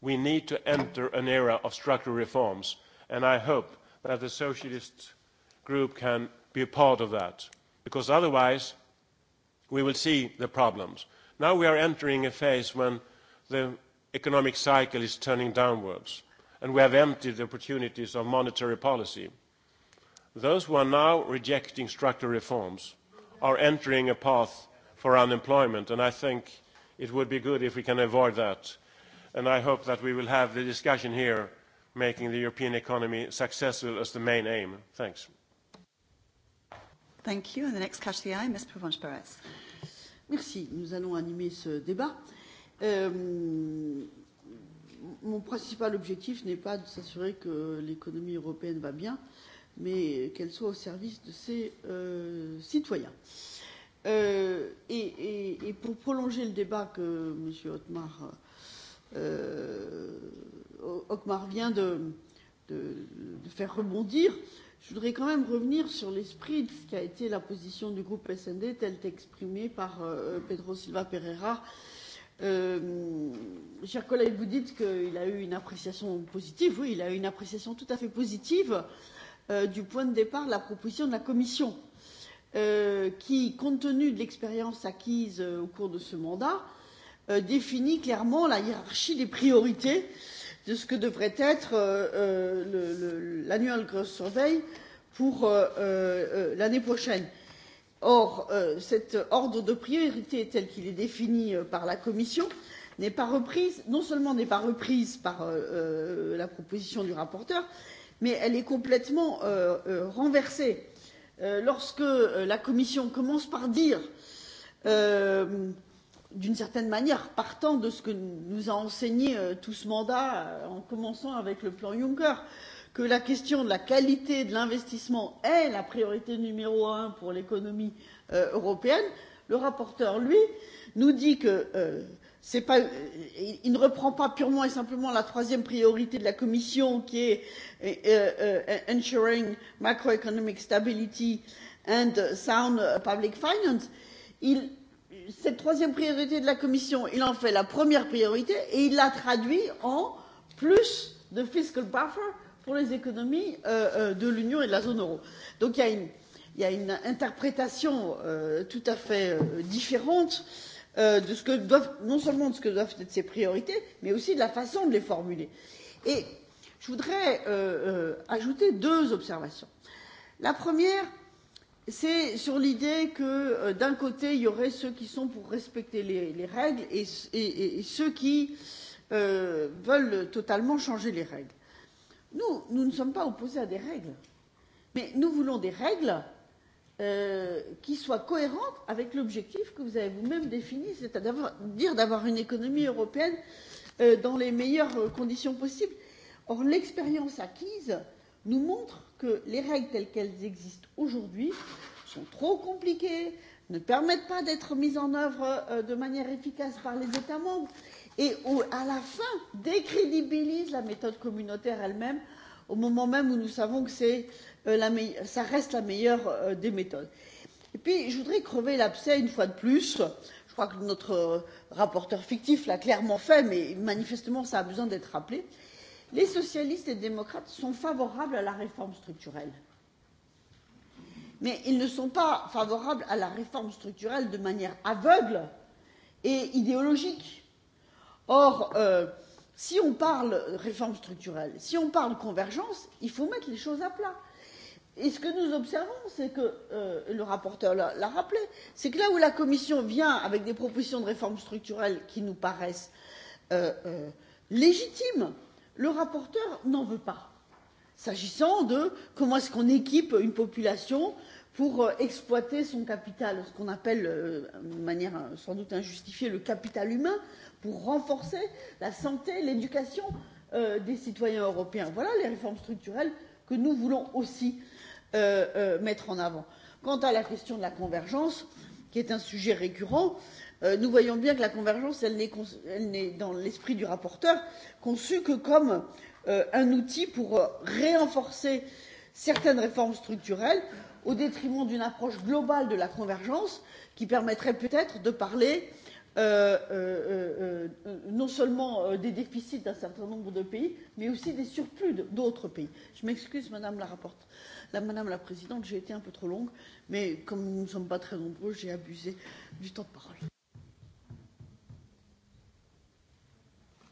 [SPEAKER 8] we need to enter an era of structural reforms. And I hope that the socialist group can be a part of that, because otherwise we will see the problems. Now we are entering a phase when the economic cycle is turning downwards, and we have emptied the opportunities of monetary policy. Those who are now rejecting structural reforms are entering a path for unemployment, and I think It would be good if we can avoid that. And I hope that we will have the discussion here making the European economy successful as the main aim. Thanks.
[SPEAKER 1] Thank you. And the next catch the eye, Ms. Provence-Perez. Merci. Nous allons animer ce débat.
[SPEAKER 3] Euh, mon principal objectif n'est pas de s'assurer que l'économie européenne va bien, mais qu'elle soit au service de ses euh, citoyens. Euh, Euh, et, et, et pour prolonger le débat que M. Otmar, euh, euh Otmar vient de, de, de faire rebondir, je voudrais quand même revenir sur l'esprit de ce qu'a été la position du groupe SND telle qu'exprimée par euh, Pedro Silva Pereira. Euh, cher collègue, vous dites qu'il a eu une appréciation positive. Oui, il a eu une appréciation tout à fait positive euh, du point de départ de la proposition de la Commission. Euh, euh, qui, compte tenu de l'expérience acquise euh, au cours de ce mandat, euh, définit clairement la hiérarchie des priorités de ce que devrait être euh, euh l'annual growth survey pour euh, euh, euh, l'année prochaine. Or, euh, cet ordre de priorité tel qu'il est défini euh, par la Commission n'est pas reprise, non seulement n'est pas reprise par euh, euh la proposition du rapporteur, mais elle est complètement euh, euh, renversée. Euh, Euh, lorsque euh, la commission commence par dire euh, d'une certaine manière partant de ce que nous a enseigné euh, tout ce mandat en commençant avec le plan juncker que la question de la qualité de l'investissement est la priorité numéro un pour l'économie européenne le rapporteur lui nous dit que euh, Pas, euh, il ne reprend pas purement et simplement la troisième priorité de la commission qui est euh, euh, ensuring macroeconomic stability and sound public finance. Il, cette troisième priorité de la commission il en fait la première priorité et il la traduit en plus de fiscal buffer pour les économies euh, euh de l'union et de la zone euro. donc il y a une, il y a une interprétation euh, tout à fait différente euh, euh, de ce que doivent, non seulement de ce que doivent être ses priorités, mais aussi de la façon de les formuler. Et je voudrais euh, euh, ajouter deux observations. La première, c'est sur l'idée que euh, d'un côté, il y aurait ceux qui sont pour respecter les, les règles et, et, et ceux qui euh, veulent totalement changer les règles. Nous, nous ne sommes pas opposés à des règles, mais nous voulons des règles euh, qui soit cohérente avec l'objectif que vous avez vous-même défini, c'est-à-dire d'avoir une économie européenne euh, dans les meilleures euh, conditions possibles. Or, l'expérience acquise nous montre que les règles telles qu'elles existent aujourd'hui sont trop compliquées, ne permettent pas d'être mises en œuvre euh, de manière efficace par les États membres et au, à la fin décrédibilisent la méthode communautaire elle-même au moment même où nous savons que c'est Euh, la meilleure, ça reste la meilleure euh, des méthodes. Et puis, je voudrais crever l'abcès une fois de plus. Je crois que notre euh, rapporteur fictif l'a clairement fait, mais manifestement, ça a besoin d'être rappelé. Les socialistes et démocrates sont favorables à la réforme structurelle. Mais ils ne sont pas favorables à la réforme structurelle de manière aveugle et idéologique. Or, euh, si on parle réforme structurelle, si on parle convergence, il faut mettre les choses à plat. Et ce que nous observons, c'est que euh, le rapporteur l'a rappelé, c'est que là où la Commission vient avec des propositions de réformes structurelles qui nous paraissent euh, euh, légitimes, le rapporteur n'en veut pas. S'agissant de comment est-ce qu'on équipe une population pour euh, exploiter son capital, ce qu'on appelle euh, de manière euh, sans doute injustifiée le capital humain, pour renforcer la santé, l'éducation euh, des citoyens européens. Voilà les réformes structurelles que nous voulons aussi euh, euh, euh, mettre en avant. Quant à la question de la convergence, qui est un sujet récurrent, euh, nous voyons bien que la convergence, elle n'est dans l'esprit du rapporteur conçue que comme euh, un outil pour euh, renforcer certaines réformes structurelles au détriment d'une approche globale de la convergence qui permettrait peut-être de parler euh, euh, euh, euh, non seulement euh, des déficits d'un certain nombre de pays, mais aussi des surplus d'autres pays. Je m'excuse, Madame la rapporteure, la, Madame la Présidente, j'ai été un peu trop longue, mais comme nous ne sommes pas très nombreux, j'ai abusé du temps de parole.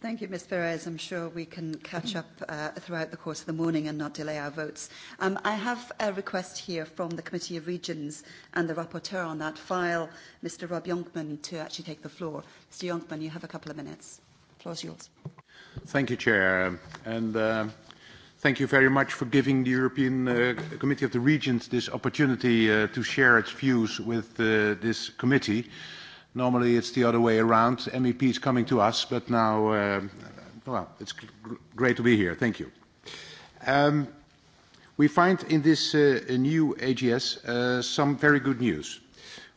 [SPEAKER 1] Thank you, Ms. Perez. I'm sure we can catch up uh, throughout the course of the morning and not delay our votes. Um, I have a request here from the Committee of Regions and the rapporteur on that file, Mr. Rob Yonkman, to actually take the floor. Mr. Yonkman, you have a couple of minutes. The floor is yours.
[SPEAKER 9] Thank you, Chair. And uh, thank you very much for giving the European uh, Committee of the Regions this opportunity uh, to share its views with uh, this committee. Uh, Normally it's the other way around, MEPs coming to us, but now, uh, well, it's great to be here. Thank you. Um, we find in this uh, new AGS uh, some very good news.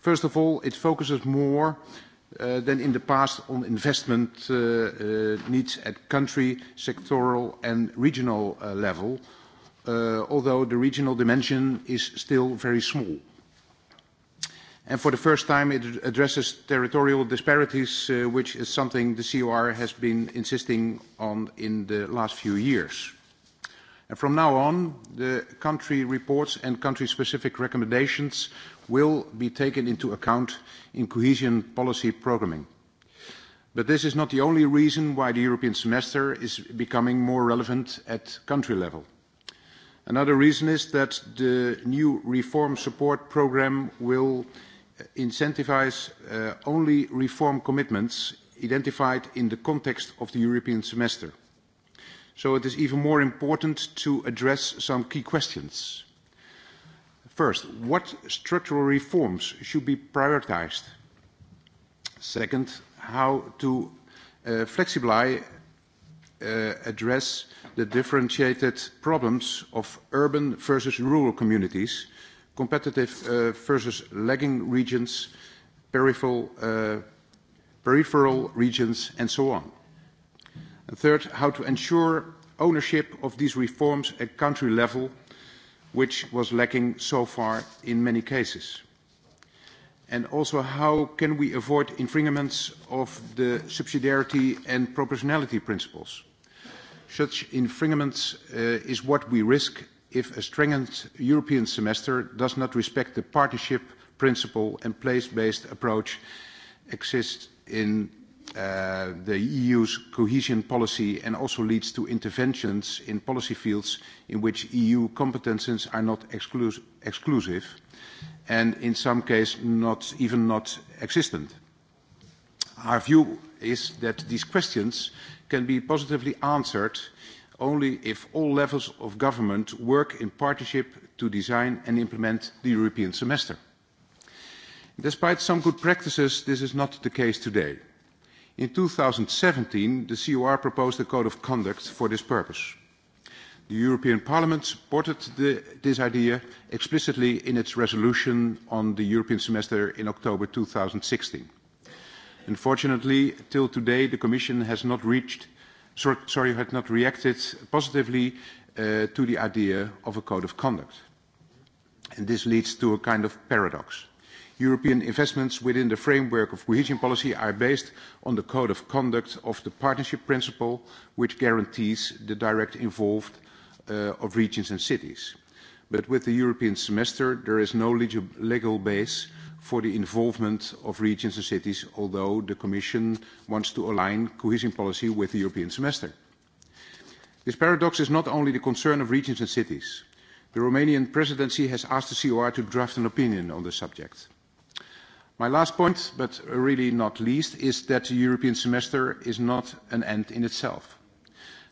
[SPEAKER 9] First of all, it focuses more uh, than in the past on investment uh, uh, needs at country, sectoral and regional uh, level, uh, although the regional dimension is still very small. Uh, and for the first time it addresses territorial disparities, uh, which is something the COR has been insisting on in the last few years. And from now on, the country reports and country-specific recommendations will be taken into account in cohesion policy programming. But this is not the only reason why the European semester is becoming more relevant at country level. Another reason is that the new reform support program will uh, incentivize uh, only reform commitments identified in the context of the European semester. So it is even more important to address some key questions. First, what structural reforms should be prioritized? Second, how to uh, flexibly uh, address the differentiated problems of urban versus rural communities competitive uh, versus lagging regions, peripheral, uh, peripheral regions, and so on. And third, how to ensure ownership of these reforms at country level, which was lacking so far in many cases. And also, how can we avoid infringements of the subsidiarity and proportionality principles? Such infringements uh, is what we risk if a stringent European semester does not respect the partnership principle and place-based approach exists in uh, the EU's cohesion policy and also leads to interventions in policy fields in which EU competences are not exclu exclusive and in some cases not even not existent. Our view is that these questions can be positively answered uh, only if all levels of government work in partnership to design and implement the European semester. Despite some good practices, this is not the case today. In 2017, the COR proposed a code of conduct for this purpose. The European Parliament supported the, this idea explicitly in its resolution on the European semester in October 2016. Unfortunately, till today, the Commission has not reached sorry had not reacted positively uh, to the idea of a code of conduct. And this leads to a kind of paradox. European investments within the framework of cohesion policy are based on the code of conduct of the partnership principle, which guarantees the direct involved uh, of regions and cities. But with the European semester, there is no legal base for the involvement of regions and cities, although the Commission wants to align cohesion policy with the European semester. This paradox is not only the concern of regions and cities. The Romanian presidency has asked the COR to draft an opinion on the subject. My last point, but really not least, is that the European semester is not an end in itself.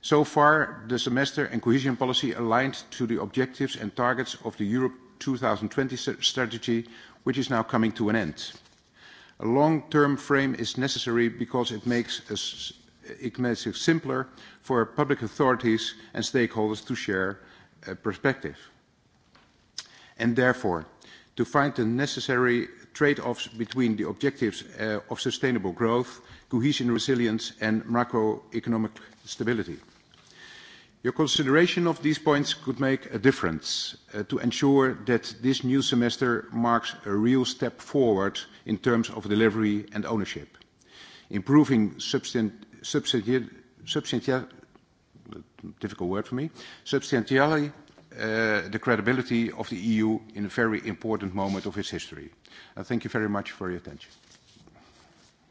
[SPEAKER 9] So far, the semester and cohesion policy aligned to the objectives and targets of the Europe 2020 strategy which is now coming to an end. A long-term frame is necessary because it makes, us, it makes it simpler for public authorities and stakeholders to share a perspective. And therefore, to find the necessary trade-offs between the objectives uh, of sustainable growth, cohesion, resilience, and macroeconomic stability. Your consideration of these points could make a difference uh, to ensure that this new semester marks a real step forward in terms of delivery and ownership. Improving substan substanti substantia difficult word for me, substantially uh, the credibility of the EU in a very important moment of its history. Uh, thank you very much for your attention.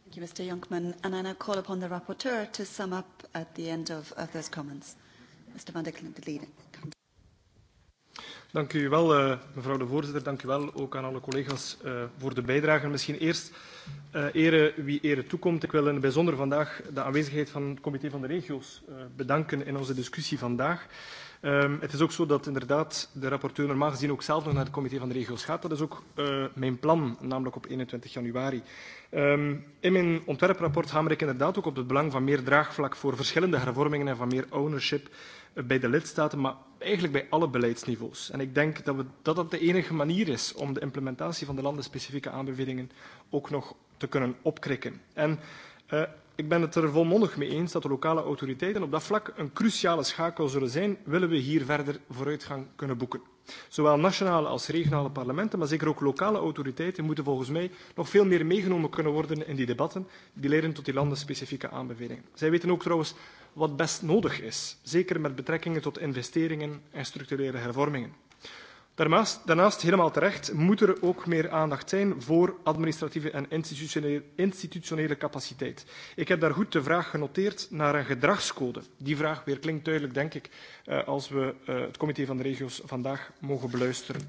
[SPEAKER 1] Thank you, Mr. Jonkman. And I now call upon the rapporteur to sum up at the end of, of those comments. Mr. van der Klint, de leden.
[SPEAKER 5] Dank u wel, uh, mevrouw de voorzitter. Dank u wel ook aan alle collega's uh, voor de bijdrage. Misschien eerst uh, ere wie ere toekomt. Ik wil in het bijzonder vandaag de aanwezigheid van het comité van de regio's uh, bedanken in onze discussie vandaag. Uh, Um, het is ook zo dat inderdaad de rapporteur normaal gezien ook zelf nog naar het comité van de regio's gaat. Dat is ook uh, mijn plan, namelijk op 21 januari. Um, in mijn ontwerprapport hamer ik inderdaad ook op het belang van meer draagvlak voor verschillende hervormingen en van meer ownership eh, bij de lidstaten, maar eigenlijk bij alle beleidsniveaus. En ik denk dat we, dat, dat de enige manier is om de implementatie van de landenspecifieke aanbevelingen ook nog te kunnen opkrikken. En uh, Ik ben het er volmondig mee eens dat de lokale autoriteiten op dat vlak een cruciale schakel zullen zijn, willen we hier verder vooruitgang kunnen boeken. Zowel nationale als regionale parlementen, maar zeker ook lokale autoriteiten, moeten volgens mij nog veel meer meegenomen kunnen worden in die debatten. Die leiden tot die landenspecifieke aanbevelingen. Zij weten ook trouwens wat best nodig is, zeker met betrekkingen tot investeringen en structurele hervormingen daarnaast helemaal terecht moet er ook meer aandacht zijn voor administratieve en institutionele, institutionele capaciteit. Ik heb daar goed de vraag genoteerd naar een gedragscode. Die vraag weer klinkt duidelijk, denk ik, uh, als we uh, het comité van de regio's vandaag mogen beluisteren.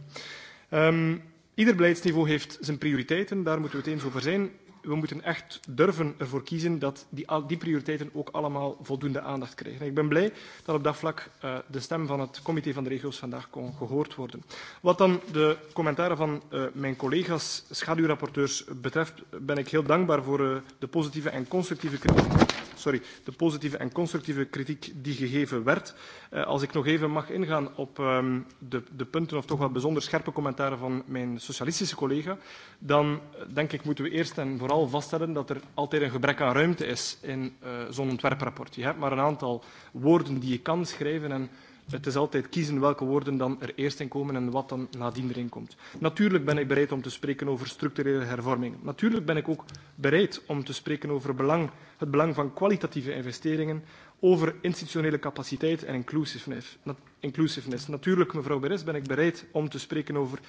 [SPEAKER 5] Um, ieder beleidsniveau heeft zijn prioriteiten, daar moeten we het eens over zijn we moeten echt durven ervoor kiezen dat die, die prioriteiten ook allemaal voldoende aandacht krijgen. En ik ben blij dat op dat vlak uh, de stem van het comité van de regio's vandaag kon gehoord worden. Wat dan de commentaren van uh, mijn collega's schaduwrapporteurs betreft, ben ik heel dankbaar voor uh, de positieve en constructieve kritiek sorry, de positieve en constructieve kritiek die gegeven werd. Uh, als ik nog even mag ingaan op um, de, de punten of toch wel bijzonder scherpe commentaren van mijn socialistische collega, dan eh, denk ik moeten we eerst en vooral vaststellen dat er altijd een gebrek aan ruimte is in uh, zo'n ontwerprapport. Je hebt maar een aantal woorden die je kan schrijven en Het is altijd kiezen welke woorden dan er eerst in komen en wat dan nadien erin komt. Natuurlijk ben ik bereid om te spreken over structurele hervormingen. Natuurlijk ben ik ook bereid om te spreken over belang, het belang van kwalitatieve investeringen, over institutionele capaciteit en inclusiveness. inclusiveness. Natuurlijk, mevrouw Beres, ben ik bereid om te spreken over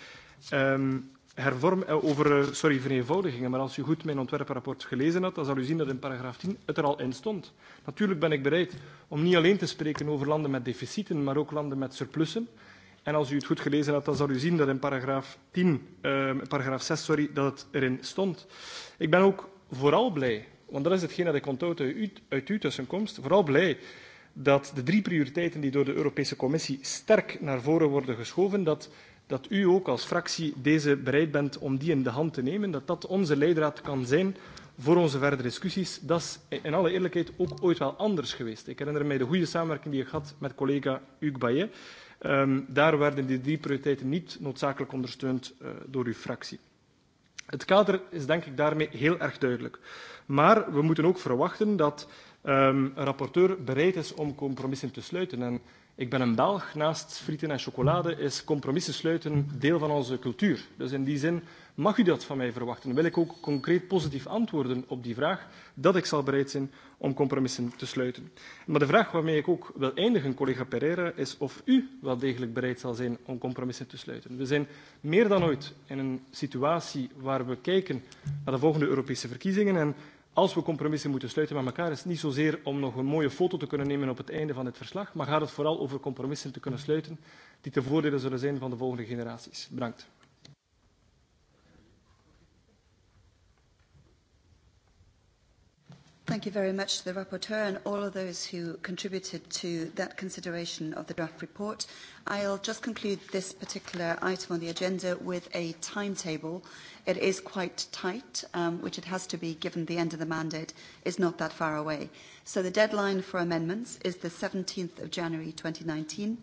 [SPEAKER 5] um, hervorm, eh, over eh, sorry, vereenvoudigingen. Maar als u goed mijn ontwerprapport gelezen had, dan zal u zien dat in paragraaf 10 het er al in stond. Natuurlijk ben ik bereid om niet alleen te spreken over landen met deficieten, maar ook landen met surplussen. En als u het goed gelezen had, dan zal u zien dat in paragraaf, 10, uh, ehm, paragraaf 6 sorry, dat het erin stond. Ik ben ook vooral blij, want dat is hetgeen dat ik onthoud uit, u, uit uw tussenkomst, vooral blij dat de drie prioriteiten die door de Europese Commissie sterk naar voren worden geschoven, dat dat u ook als fractie deze bereid bent om die in de hand te nemen, dat dat onze leidraad kan zijn voor onze verdere discussies. Dat is in alle eerlijkheid ook ooit wel anders geweest. Ik herinner mij de goede samenwerking die ik had met collega Hugues Bayet. Um, ehm, daar werden die drie prioriteiten niet noodzakelijk ondersteund uh, door uw fractie. Het kader is denk ik daarmee heel erg duidelijk. Maar we moeten ook verwachten dat um, een rapporteur bereid is om compromissen te sluiten. En Ik ben een Belg, naast frieten en chocolade is compromissen sluiten deel van onze cultuur. Dus in die zin mag u dat van mij verwachten. Wil ik ook concreet positief antwoorden op die vraag, dat ik zal bereid zijn om compromissen te sluiten. Maar de vraag waarmee ik ook wil eindigen, collega Pereira, is of u wel degelijk bereid zal zijn om compromissen te sluiten. We zijn meer dan ooit in een situatie waar we kijken naar de volgende Europese verkiezingen en als we compromissen moeten sluiten met elkaar, is het niet zozeer om nog een mooie foto te kunnen nemen op het einde van het verslag, maar gaat het vooral over compromissen te kunnen sluiten die ten voordele zullen zijn van de volgende generaties. Bedankt.
[SPEAKER 1] Thank you very much to the rapporteur and all of those who contributed to that consideration of the draft report. I'll just conclude this particular item on the agenda with a timetable. It is quite tight, um, which it has to be given the end of the mandate is not that far away. So the deadline for amendments is the 17th of January 2019.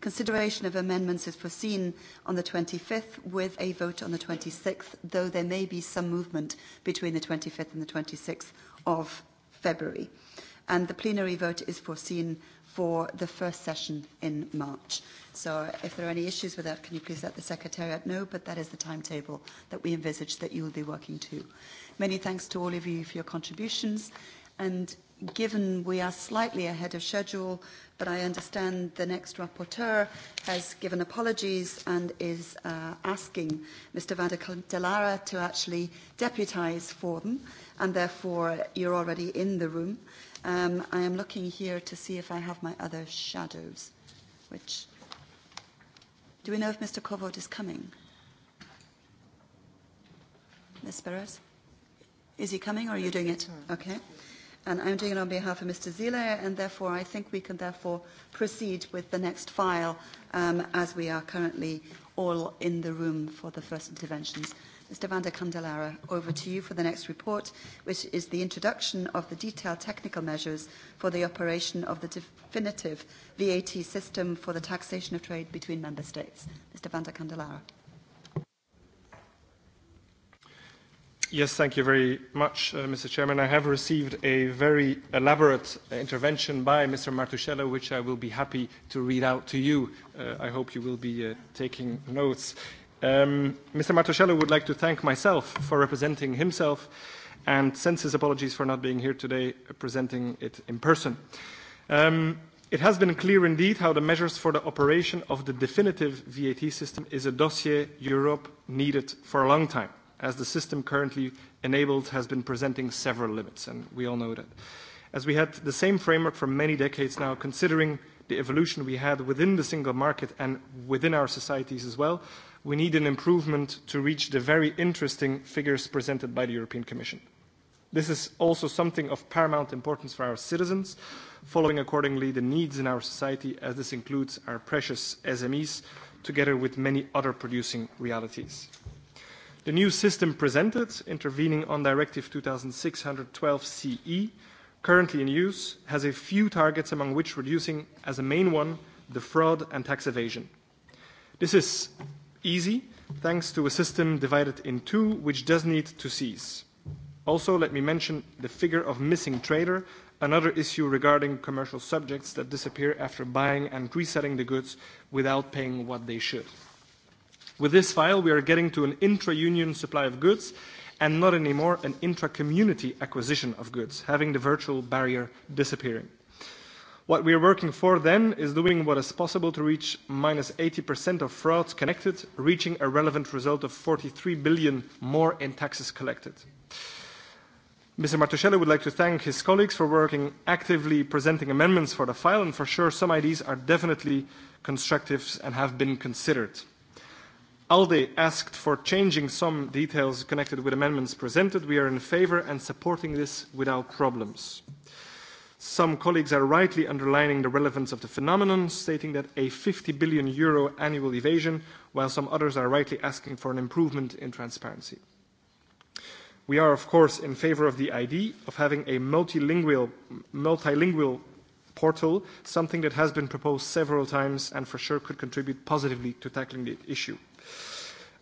[SPEAKER 1] Consideration of amendments is foreseen on the 25th with a vote on the 26th, though there may be some movement between the 25th and the 26th of February. And the plenary vote is foreseen for the first session in March. So if there are any issues with that, can you please let the Secretariat know? But that is the timetable that we envisage that you will be working to. Many thanks to all of you for your contributions. And given we are slightly ahead of schedule, but I understand the next rapporteur has given apologies and is uh, asking Mr. Vadakaldelara to actually deputise for them. Uh, and therefore you're already in the room. Um, I am looking here to see if I have my other shadows, which... Do we know if Mr. Kovod is coming? Ms. Perez? Is he coming or are you doing it? Okay. And I'm doing it on behalf of Mr. Zile, and therefore I think we can therefore proceed with the next file um, as we are currently all in the room for the first interventions. Mr. Van de Candelara, over to you for the next report, which is the introduction of the detailed technical measures for the operation of the definitive VAT system for the taxation of trade between member states. Mr. Van de Candelara.
[SPEAKER 5] Yes, thank you very much, uh, Mr. Chairman. I have received a very elaborate intervention by Mr. Martuscello, which I will be happy to read out to you. Uh, I hope you will be uh, taking notes. Uh, Um, Mr. Martuscello would like to thank myself for representing himself and sends his apologies for not being here today uh, presenting it in person. Um, it has been clear indeed how the measures for the operation of the definitive VAT system is a dossier Europe needed for a long time, as the system currently enabled has been presenting several limits, and we all know that. As we had the same framework for many decades now, considering the evolution we had within the single market and within our societies as well, we need an improvement to reach the very interesting figures presented by the European Commission. This is also something of paramount importance for our citizens, following accordingly the needs in our society as this includes our precious SMEs together with many other producing realities. The new system presented, intervening on Directive 2612/CE, e, currently in use, has a few targets among which reducing as a main one the fraud and tax evasion. This is easy thanks to a system divided in two which does need to cease. Also, let me mention the figure of missing trader, another issue regarding commercial subjects that disappear after buying and reselling the goods without paying what they should. With this file, we are getting to an intra-union supply of goods and not anymore an intra-community acquisition of goods, having the virtual barrier disappearing. What we are working for then is doing what is possible to reach minus 80% of frauds connected, reaching a relevant result of 43 billion more in taxes collected. Mr. Martuscelli would like to thank his colleagues for working actively presenting amendments for the file, and for sure some ideas are definitely constructive and have been considered. ALDE asked for changing some details connected with amendments presented. We are in favour and supporting this without problems. Uh, Some colleagues are rightly underlining the relevance of the phenomenon, stating that a 50 billion euro annual evasion, while some others are rightly asking for an improvement in transparency. We are, of course, in favor of the idea of having a multilingual, multilingual portal, something that has been proposed several times and for sure could contribute positively to tackling the issue.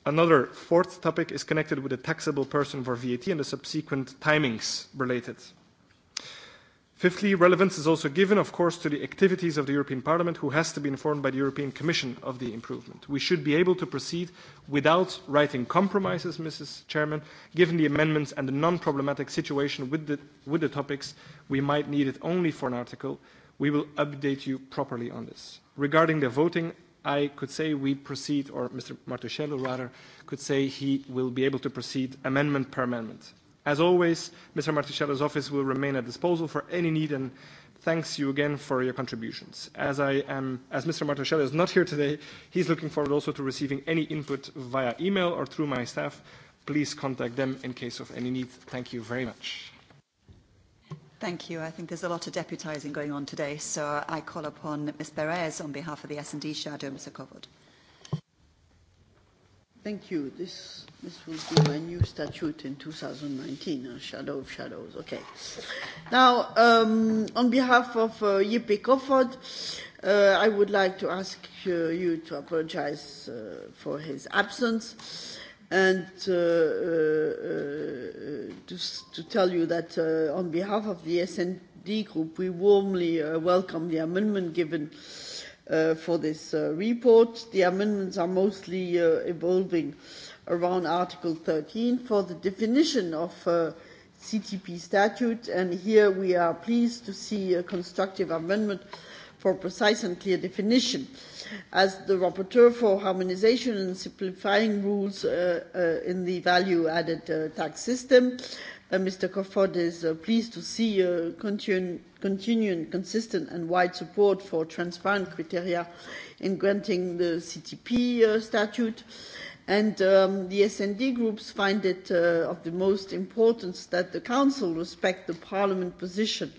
[SPEAKER 5] Another fourth topic is connected with the taxable person for VAT and the subsequent timings related Fifthly, relevance is also given, of course, to the activities of the European Parliament, who has to be informed by the European Commission of the improvement. We should be able to proceed without writing compromises, Mrs. Chairman. Given the amendments and the non-problematic situation with the, with the topics, we might need it only for an article. We will update you properly on this. Regarding the voting, I could say we proceed, or Mr. Martuscello rather, could say he will be able to proceed amendment per amendment. As always, Mr. Marticello's office will remain at disposal for any need and thanks you again for your contributions. As, I am, as Mr. Marticello is not here today, he's looking forward also to receiving any input via email or through my staff. Please contact them in case of any need. Thank you very much.
[SPEAKER 1] Thank you. I think there's a lot of deputising going on today, so I call upon Ms. Perez on behalf of the S&D shadow, Mr. Covard.
[SPEAKER 3] Thank you. This, this will be my new statute in 2019, a uh, shadow of shadows. Okay. Now, um, on behalf of uh, Yippie Crawford, uh, I would like to ask uh, you to apologize uh, for his absence and uh, uh, uh to, to tell you that uh, on behalf of the SND group, we warmly uh, welcome the amendment given uh, uh, for this uh, report. The amendments are mostly uh, evolving around Article 13 for the definition of uh, CTP statute, and here we are pleased to see a constructive amendment for precise and clear definition. As the rapporteur for harmonization and simplifying rules uh, uh, in the value-added uh, tax system, uh, Mr. Cofford is uh, pleased to see uh, continu continuing consistent and wide support for transparent criteria in granting the CTP uh, statute. And um, the SND groups find it uh, of the most importance that the Council respect the Parliament position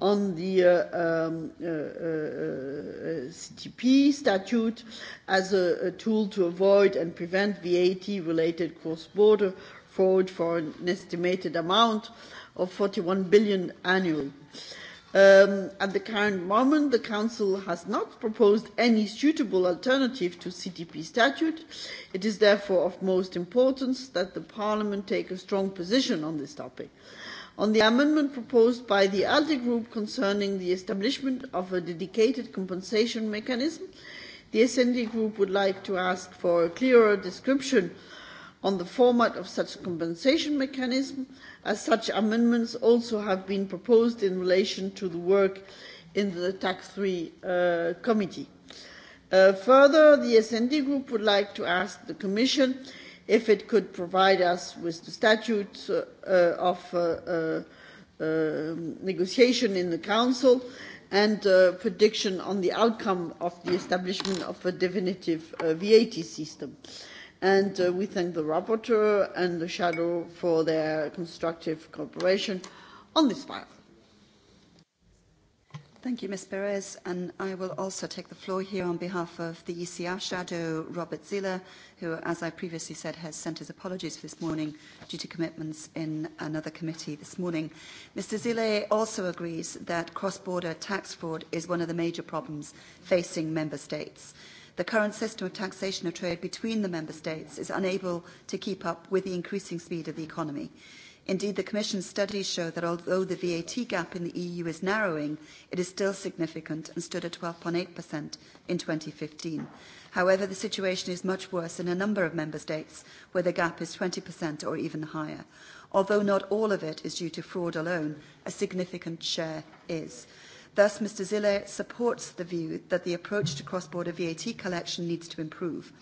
[SPEAKER 3] on the uh, um, uh, uh, uh CTP statute as a, a tool to avoid and prevent VAT-related cross-border fraud for an estimated amount of 41 billion annually. Um, at the current moment, the Council has not proposed any suitable alternative to CTP statute. It is therefore of most importance that the Parliament take a strong position on this topic. On the amendment proposed by the ALDE group concerning the establishment of a dedicated compensation mechanism, the SND group would like to ask for a clearer description on the format of such compensation mechanism as such amendments also have been proposed in relation to the work in the tax 3 uh, committee. Uh, further, the SND group would like to ask the Commission if it could provide us with the statutes uh, uh of uh, uh, um, negotiation in the Council and uh, prediction on the outcome of the establishment of a definitive uh, VAT system. Uh, and uh, we thank the rapporteur
[SPEAKER 1] and the shadow for their constructive cooperation on this file. Thank you, Ms. Perez, and I will also take the floor here on behalf of the ECR shadow, Robert Ziller, who, as I previously said, has sent his apologies for this morning due to commitments in another committee this morning. Mr. Ziller also agrees that cross-border tax fraud is one of the major problems facing member states the current system of taxation of trade between the member states is unable to keep up with the increasing speed of the economy. Indeed, the Commission's studies show that although the VAT gap in the EU is narrowing, it is still significant and stood at 12.8% in 2015. However, the situation is much worse in a number of member states where the gap is 20% or even higher. Although not all of it is due to fraud alone, a significant share is. Thus, Mr Zille supports the view that the approach to cross-border VAT collection needs to improve.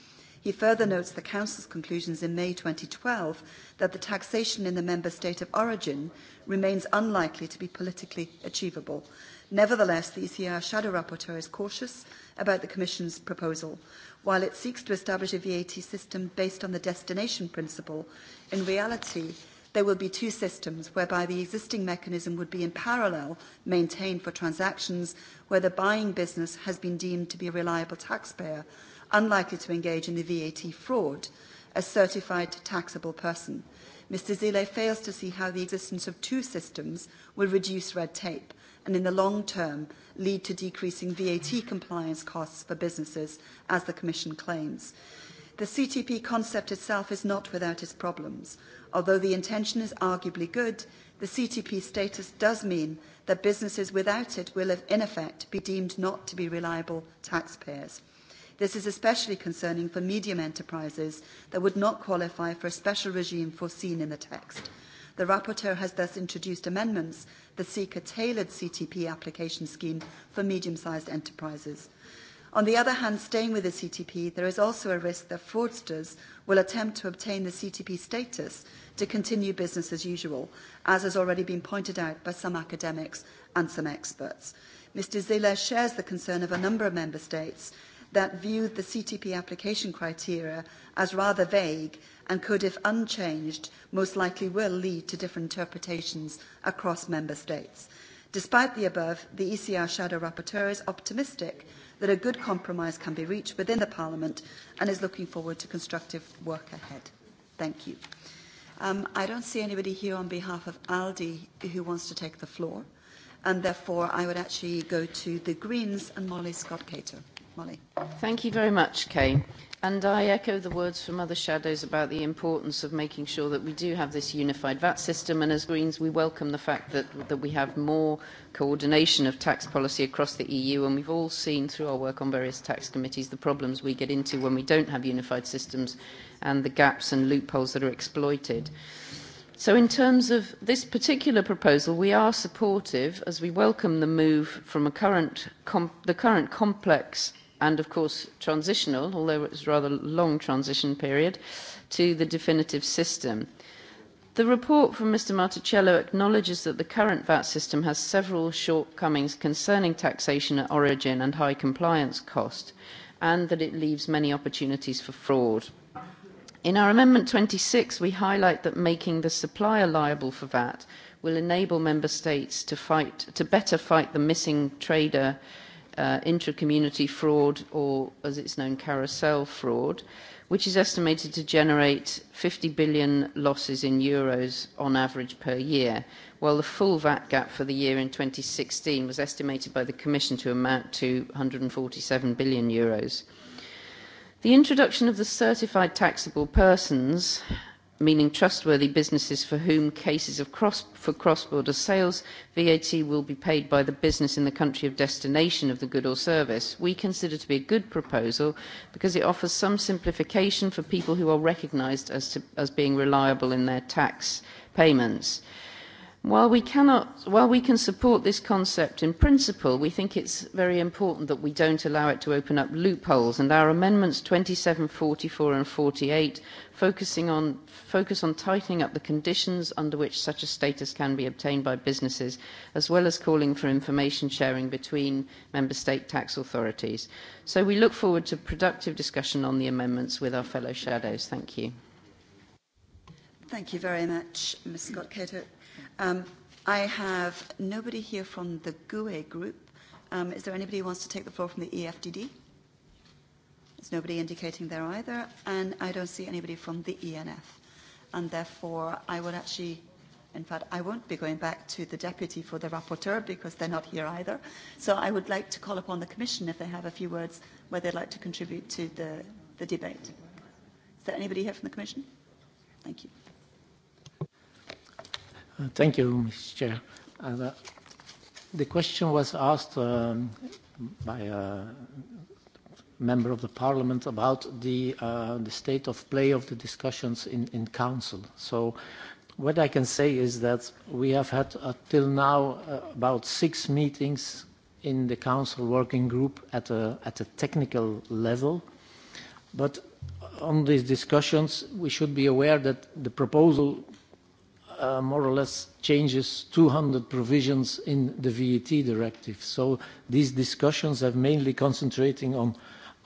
[SPEAKER 1] He further notes the Council's conclusions in May 2012 that the taxation in the member state of origin remains unlikely to be politically achievable. Nevertheless, the ECR Shadow Rapporteur is cautious about the Commission's proposal. While it seeks to establish a VAT system based on the destination principle, in reality, there will be two systems whereby the existing mechanism would be in parallel maintained for transactions where the buying business has been deemed to be a reliable taxpayer unlikely to engage in the VAT fraud, a certified taxable person. Mr Zile fails to see how the existence of two systems will reduce red tape and in the long term lead to decreasing VAT compliance costs for businesses, as the Commission claims. The CTP concept itself is not without its problems. Although the intention is arguably good, the CTP status does mean that businesses without it will, in effect, be deemed not to be reliable taxpayers. This is especially concerning for medium enterprises that would not qualify for a special regime foreseen in the text. The rapporteur has thus introduced amendments that seek a tailored CTP application scheme for medium-sized enterprises. On the other hand, staying with the CTP, there is also a risk that fraudsters will attempt to obtain the CTP status to continue business as usual, as has already been pointed out by some academics and some experts. Mr Ziller shares the concern of a number of member states that viewed the CTP application criteria as rather vague and could, if unchanged, most likely will lead to different interpretations across member states. Despite the above, the ECR Shadow Rapporteur is optimistic that a good compromise can be reached within the Parliament and is looking forward to constructive work ahead. Thank you. Um, I don't see anybody here on behalf of ALDI who wants to take the floor,
[SPEAKER 10] and therefore I would actually go to the Greens and Molly Scott-Cato. Molly. Thank you very much, Kay. And I echo the words from other shadows about the importance of making sure that we do have this unified VAT system. And as Greens, we welcome the fact that, that we have more coordination of tax policy across the EU. And we've all seen through our work on various tax committees the problems we get into when we don't have unified systems and the gaps and loopholes that are exploited. So in terms of this particular proposal, we are supportive as we welcome the move from a current com the current complex and of course transitional, although it was a rather long transition period, to the definitive system. The report from Mr Marticello acknowledges that the current VAT system has several shortcomings concerning taxation at origin and high compliance cost, and that it leaves many opportunities for fraud. In our Amendment 26, we highlight that making the supplier liable for VAT will enable Member States to, fight, to better fight the missing trader uh, uh, intra-community fraud, or as it's known, carousel fraud, which is estimated to generate 50 billion losses in euros on average per year, while the full VAT gap for the year in 2016 was estimated by the Commission to amount to 147 billion euros. The introduction of the certified taxable persons meaning trustworthy businesses for whom cases of cross, for cross-border sales, VAT will be paid by the business in the country of destination of the good or service, we consider to be a good proposal because it offers some simplification for people who are recognised as, to, as being reliable in their tax payments. Uh, While we, cannot, while we can support this concept in principle, we think it's very important that we don't allow it to open up loopholes, and our amendments 27, 44 and 48 focusing on, focus on tightening up the conditions under which such a status can be obtained by businesses, as well as calling for information sharing between member state tax authorities. So we look forward to productive discussion on the amendments with our fellow shadows. Thank you.
[SPEAKER 1] Thank you very much, Ms Scott-Cato. Um, I have nobody here from the GUE group. Um, is there anybody who wants to take the floor from the EFDD? There's nobody indicating there either, and I don't see anybody from the ENF. And therefore, I would actually, in fact, I won't be going back to the deputy for the rapporteur because they're not here either. So I would like to call upon the Commission if they have a few words where they'd like to contribute to the, the debate. Is there anybody here from the Commission? Thank you.
[SPEAKER 4] Uh, thank you, Mr. Chair. And, uh, the question was asked um, by a member of the parliament about the, uh, the state of play of the discussions in, in council. So what I can say is that we have had uh, till now uh, about six meetings in the council working group at a, at a technical level. But on these discussions, we should be aware that the proposal uh, more or less changes 200 provisions in the VAT e directive. So these discussions are mainly concentrating on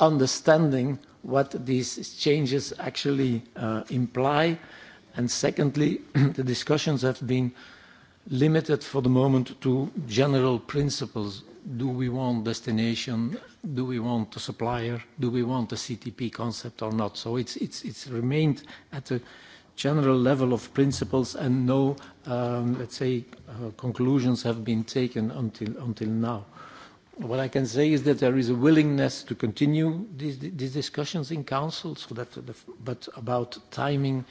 [SPEAKER 4] understanding what these changes actually uh, imply. And secondly, the discussions have been limited for the moment to general principles. Do we want destination? Do we want the supplier? Do we want the CTP concept or not? So it's, it's, it's remained at a general level of principles and no, um, let's say, uh, conclusions have been taken until, until now. What I can say is that there is a willingness to continue these, these discussions in council, so that the, but about timing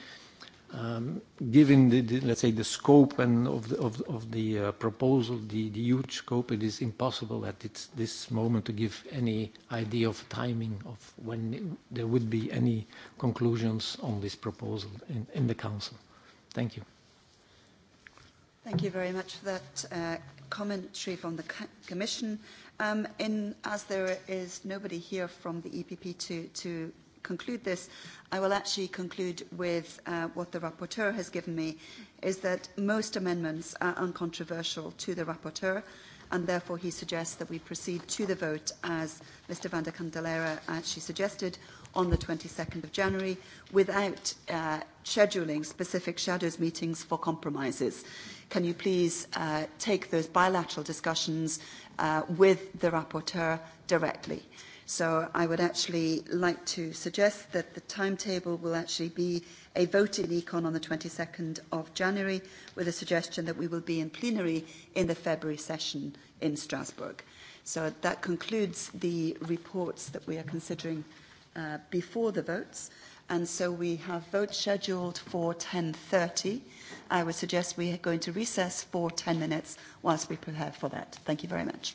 [SPEAKER 4] Um, given the, the, let's say, the scope and of the, of, of the uh, proposal, the, the huge scope, it is impossible at its, this moment to give any idea of timing of when there would be any conclusions on this proposal in, in the council. Thank you.
[SPEAKER 1] Thank you very much for that uh, commentary from the commission. Um, in, as there is nobody here from the EPP to, to conclude this, I will actually conclude with uh, what the rapporteur has given me, is that most amendments are uncontroversial to the rapporteur, and therefore he suggests that we proceed to the vote as Mr van der Candelera actually suggested on the 22nd of January without uh, scheduling specific shadows meetings for compromises. Can you please uh, take those bilateral discussions uh, with the rapporteur directly? Uh, So I would actually like to suggest that the timetable will actually be a vote in Econ on the 22nd of January with a suggestion that we will be in plenary in the February session in Strasbourg. So that concludes the reports that we are considering uh, before the votes. And so we have votes scheduled for 10.30. I would suggest we are going to recess for 10 minutes whilst we prepare for that. Thank you very much.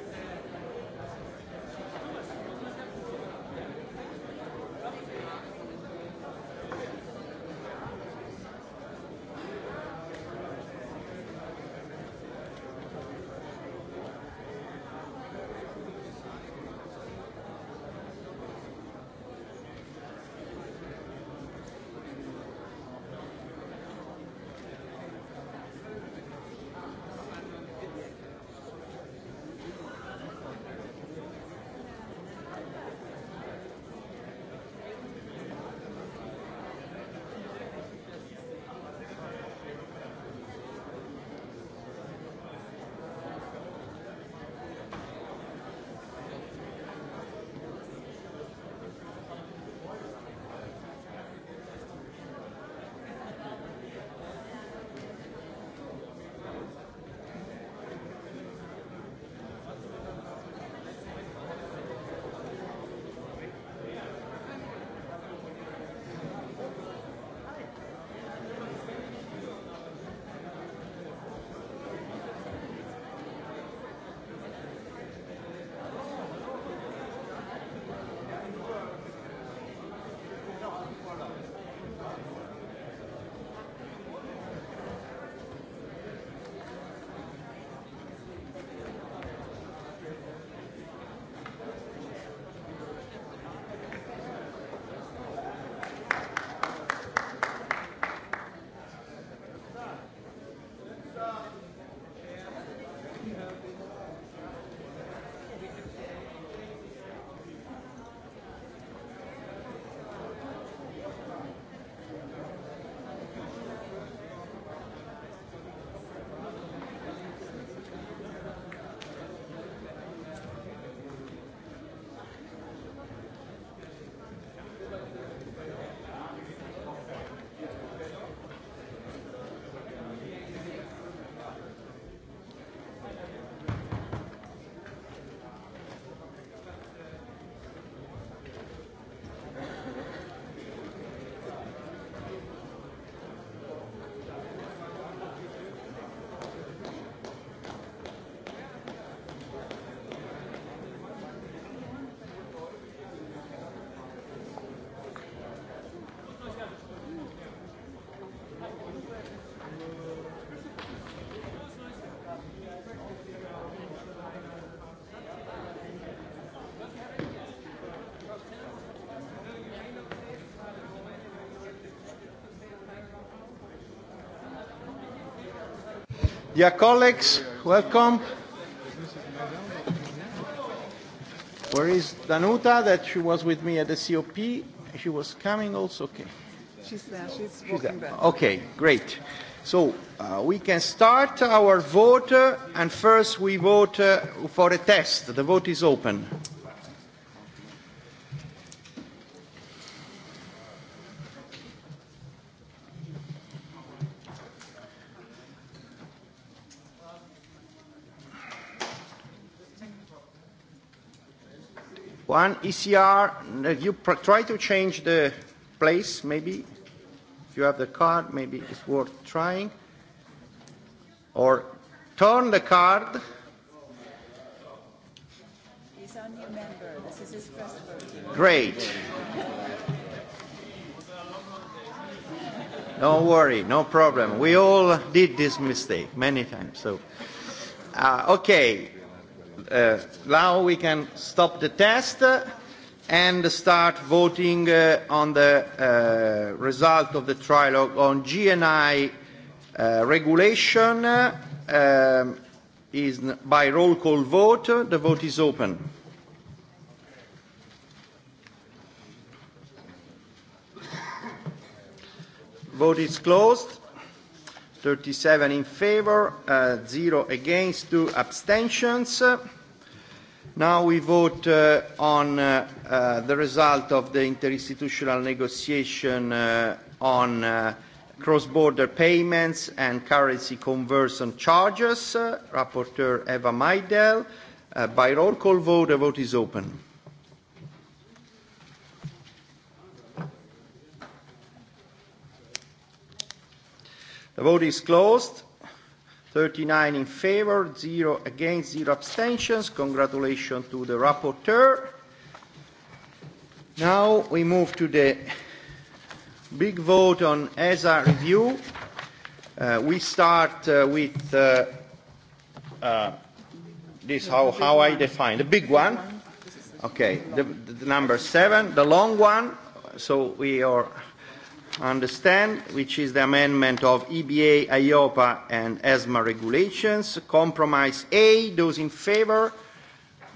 [SPEAKER 11] Dear colleagues, welcome. Where is Danuta that she was with me at the COP? She was coming also? Okay.
[SPEAKER 1] She's there. She's
[SPEAKER 11] walking She's there. back. Okay, great. So uh, we can start our vote, uh, and first we vote uh, for a test. The vote is open. One ECR, uh, you pr- try to change the place, maybe. If you have the card, maybe it's worth trying. Or turn the card.
[SPEAKER 1] He's our new member. This is his first vote. Great.
[SPEAKER 11] Don't worry, no problem. We all did this mistake many times. So, uh, okay. Uh, now we can stop the test and start voting uh, on the uh, result of the trilogue on GNI uh, regulation uh, is by roll call vote. The vote is open. Vote is closed. 37 in favor, uh, 0 against, 2 abstentions. Now we vote uh, on uh, uh, the result of the interinstitutional negotiation uh, on uh, cross-border payments and currency conversion charges. Uh, Rapporteur Eva Maidel. Uh, by roll call vote, the vote is open. The vote is closed. 39 in favor, 0 against, 0 abstentions. Congratulations to the rapporteur. Now we move to the big vote on ESA review. Uh, we start uh, with uh, uh, this, how, how I define, the big one. Okay, the, the number seven, the long one. So we are understand, which is the amendment of EBA, IOPA and ESMA regulations. Compromise A, those in favor,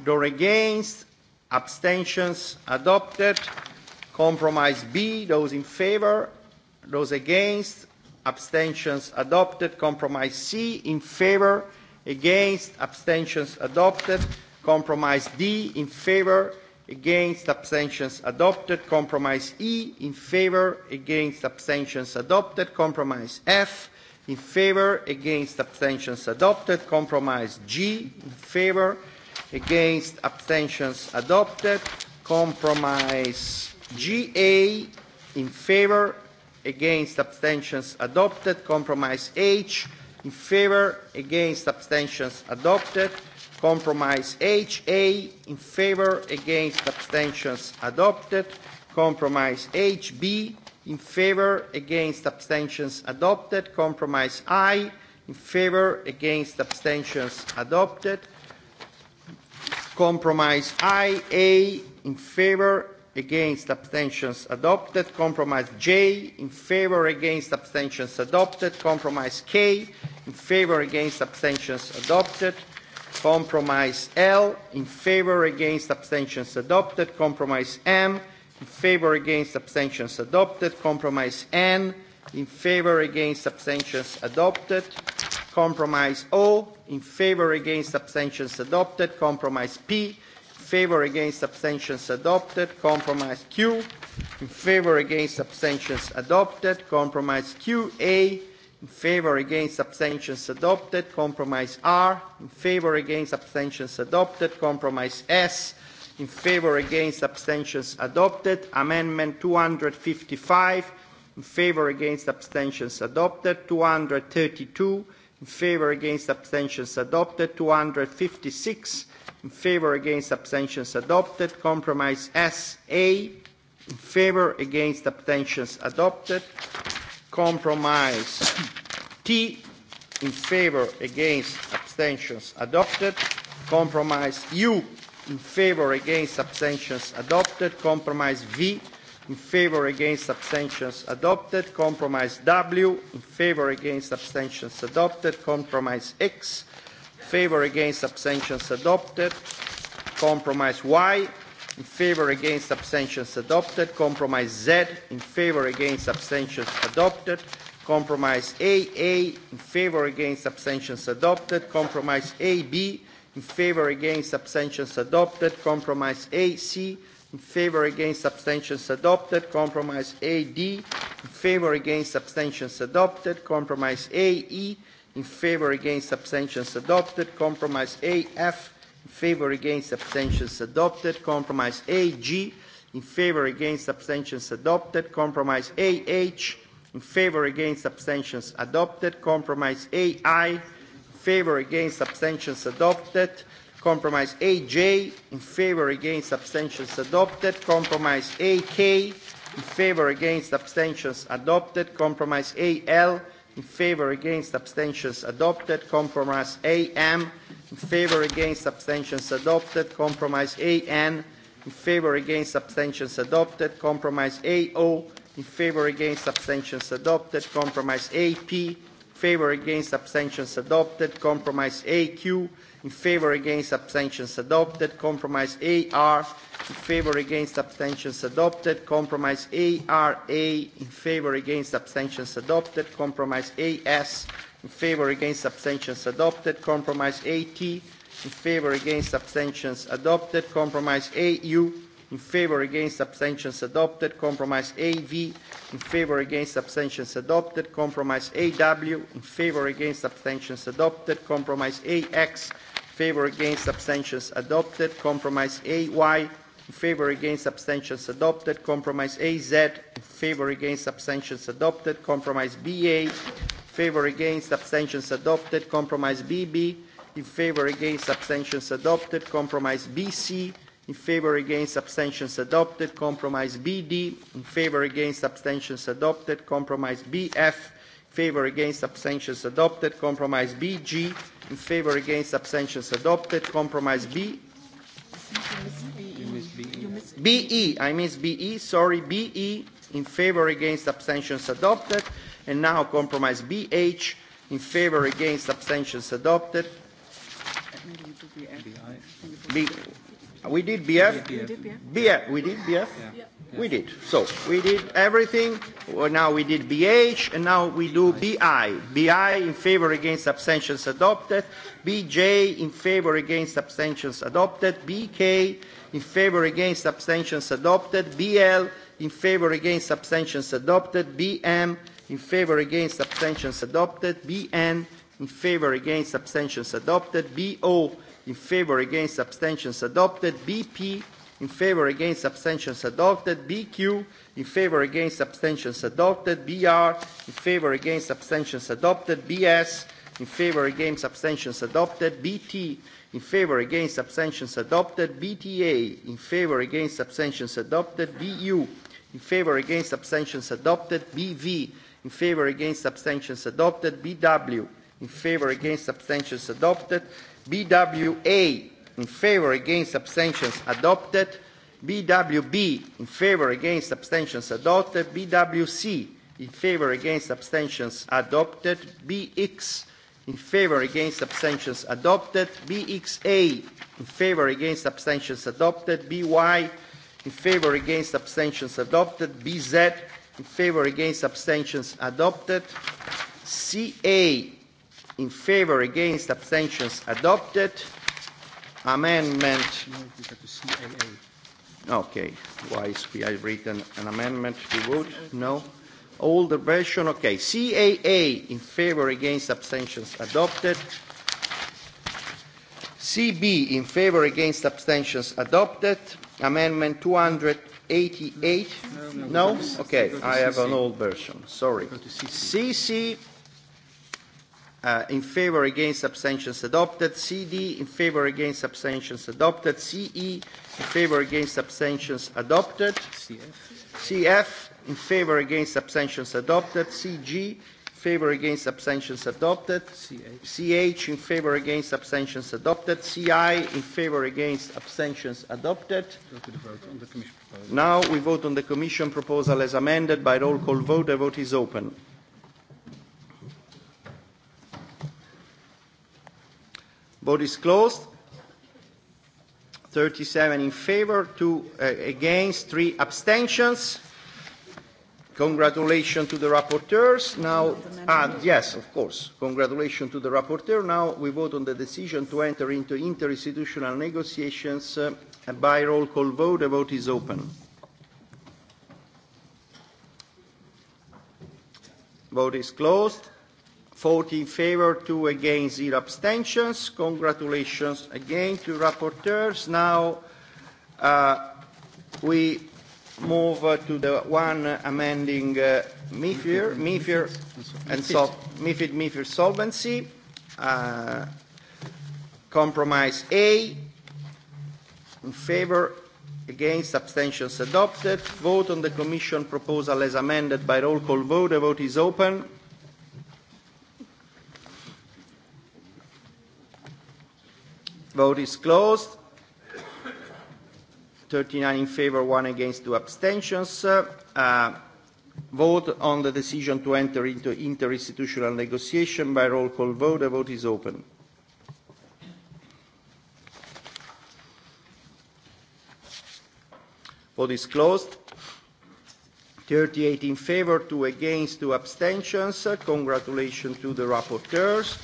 [SPEAKER 11] those against, abstentions adopted. Compromise B, those in favor, those against, abstentions adopted. Compromise C, in favor, against, abstentions adopted. Compromise D, in favor, against abstentions adopted compromise E in favor against abstentions adopted compromise F in favor against abstentions adopted compromise G in favor against abstentions adopted compromise GA in favor against abstentions adopted compromise H in favor against abstentions adopted Compromise HA in favor against abstentions adopted. Compromise HB in favor against abstentions adopted. Compromise I in favor against abstentions adopted. Compromise IA in favor against abstentions adopted. Compromise J in favor against abstentions adopted. Compromise K in favor against abstentions adopted. Compromise L, in favor, against, abstentions adopted. Compromise M, in favor, against, abstentions adopted. Compromise N, in favor, against, abstentions adopted. Compromise O, in favor, against, abstentions adopted. Compromise P, favor against abstentions adopted compromise q in favor against abstentions adopted compromise qa in favor against abstentions adopted compromise r in favor against abstentions adopted compromise s in favor against abstentions adopted amendment 255 in favor against abstentions adopted 232 in favor against abstentions adopted 256 in favor against abstentions adopted compromise s a in favor against abstentions adopted Compromise T in favor against abstentions adopted. Compromise U in favor against abstentions adopted. Compromise V in favor against abstentions adopted. Compromise W in favor against abstentions adopted. Compromise X in favor against abstentions adopted. Compromise Y in favor against abstentions adopted. Compromise Z, in favor against abstentions adopted. Compromise AA, in favor against abstentions adopted. Compromise AB, in favor against abstentions adopted. Compromise AC, in favor against abstentions adopted. Compromise AD, in favor against abstentions adopted. Compromise AE, in favor against abstentions adopted. Compromise AF, favor against abstentions adopted. Compromise AG in favor against abstentions adopted. Compromise AH in favor against abstentions adopted. Compromise AI in favor against abstentions adopted. Compromise AJ in favor against abstentions adopted. Compromise AK in favor against abstentions adopted. Compromise AL in favor against abstentions adopted. Compromise AM in in favor against abstentions adopted. Compromise AN, in favor against abstentions adopted. Compromise AO, in favor against abstentions adopted. Compromise AP, in favor against abstentions adopted. Compromise AQ, in favor against abstentions adopted. Compromise AR, in favor against abstentions adopted. Compromise ARA, in favor against abstentions adopted. Compromise AS, in favor against abstentions adopted. Compromise AT, in favor against abstentions adopted. Compromise AU, in favor against abstentions adopted. Compromise AV, in favor against abstentions adopted. Compromise AW, in favor against abstentions adopted. Compromise AX, in favor against abstentions adopted. Compromise AY, in favor against abstentions adopted compromise AZ in favor against abstentions adopted compromise BA favor against abstentions adopted compromise bb in favor against abstentions adopted compromise bc in favor against abstentions adopted compromise bd in favor against abstentions adopted compromise bf in favor against abstentions adopted compromise bg in favor against abstentions adopted compromise b be i miss be sorry be in favor against abstentions adopted And now compromise BH in favor against abstentions adopted. B, we did BF? We did BF. BF. We did BF? Yeah. yeah. We did. So we did everything. Well, now we did BH, and now we do BI. BI in favor against abstentions adopted. BJ in favor against abstentions adopted. BK in favor against abstentions adopted. BL in favor against abstentions adopted. BM in favor against abstentions adopted. BN in favor against abstentions adopted. BO in favor against abstentions adopted. BP in favor against abstentions adopted. BQ in favor against abstentions adopted. BR in favor against abstentions adopted. BS in favor against abstentions adopted. BT in favor against abstentions adopted. BTA in favor against abstentions adopted. BU in favor against abstentions adopted. BV in favor against abstentions adopted. BW in favor against abstentions adopted. BWA in favor against abstentions adopted. BWB in favor against abstentions adopted. BWC in favor against abstentions adopted. BX in favor against abstentions adopted. BXA in favor against abstentions adopted. BY in favor against abstentions adopted. BZ in favor against abstentions adopted ca in favor against abstentions adopted amendment okay why is we have written an amendment to vote no older version okay caa in favor against abstentions adopted cb in favor against abstentions adopted amendment 200 88? No? no? Okay, I have an old version. Sorry. CC uh, in favor against abstentions adopted. CD in favor against abstentions adopted. CE in favor against abstentions adopted. CF. CF in favor against abstentions adopted. CG favor against abstentions adopted. CH. CH in favor against abstentions adopted. CI in favor against abstentions adopted.
[SPEAKER 6] Go to the vote on the commission
[SPEAKER 11] Now we vote on the Commission proposal as amended by roll call vote. The vote is open. Vote is closed. 37 in favor, 2 uh, against, 3 abstentions. Congratulations to the rapporteurs. Now, ah, yes, of course. Congratulations to the rapporteur. Now we vote on the decision to enter into interinstitutional negotiations uh, by roll call vote. The vote is open. Vote is closed. 40 in favor, 2 against, 0 abstentions. Congratulations again to rapporteurs. Now, uh, we move uh, to the one amending uh, MIFIR, MIFIR, and so, MIFID, MIFIR solvency. Uh, compromise A, in favor, against, abstentions adopted. Vote on the Commission proposal as amended by roll call vote. The vote is open. Vote is closed 39 in favor, 1 against, 2 abstentions. Uh, vote on the decision to enter into interinstitutional negotiation by roll call vote. The vote is open. Vote is closed. 38 in favor, 2 against, 2 abstentions. Uh, congratulations to the rapporteurs.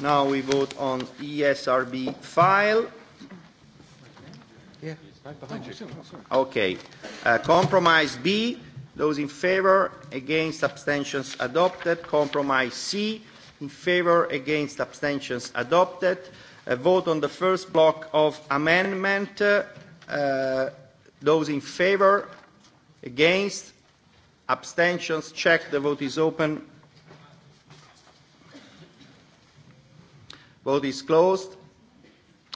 [SPEAKER 11] Now we vote on ESRB file. Right behind you. Okay. Uh, compromise B. Those in favor, against, abstentions adopted. Compromise C. In favor, against, abstentions adopted. A vote on the first block of amendment. Uh, those in favor, against, abstentions, check. The vote is open. Vote is closed.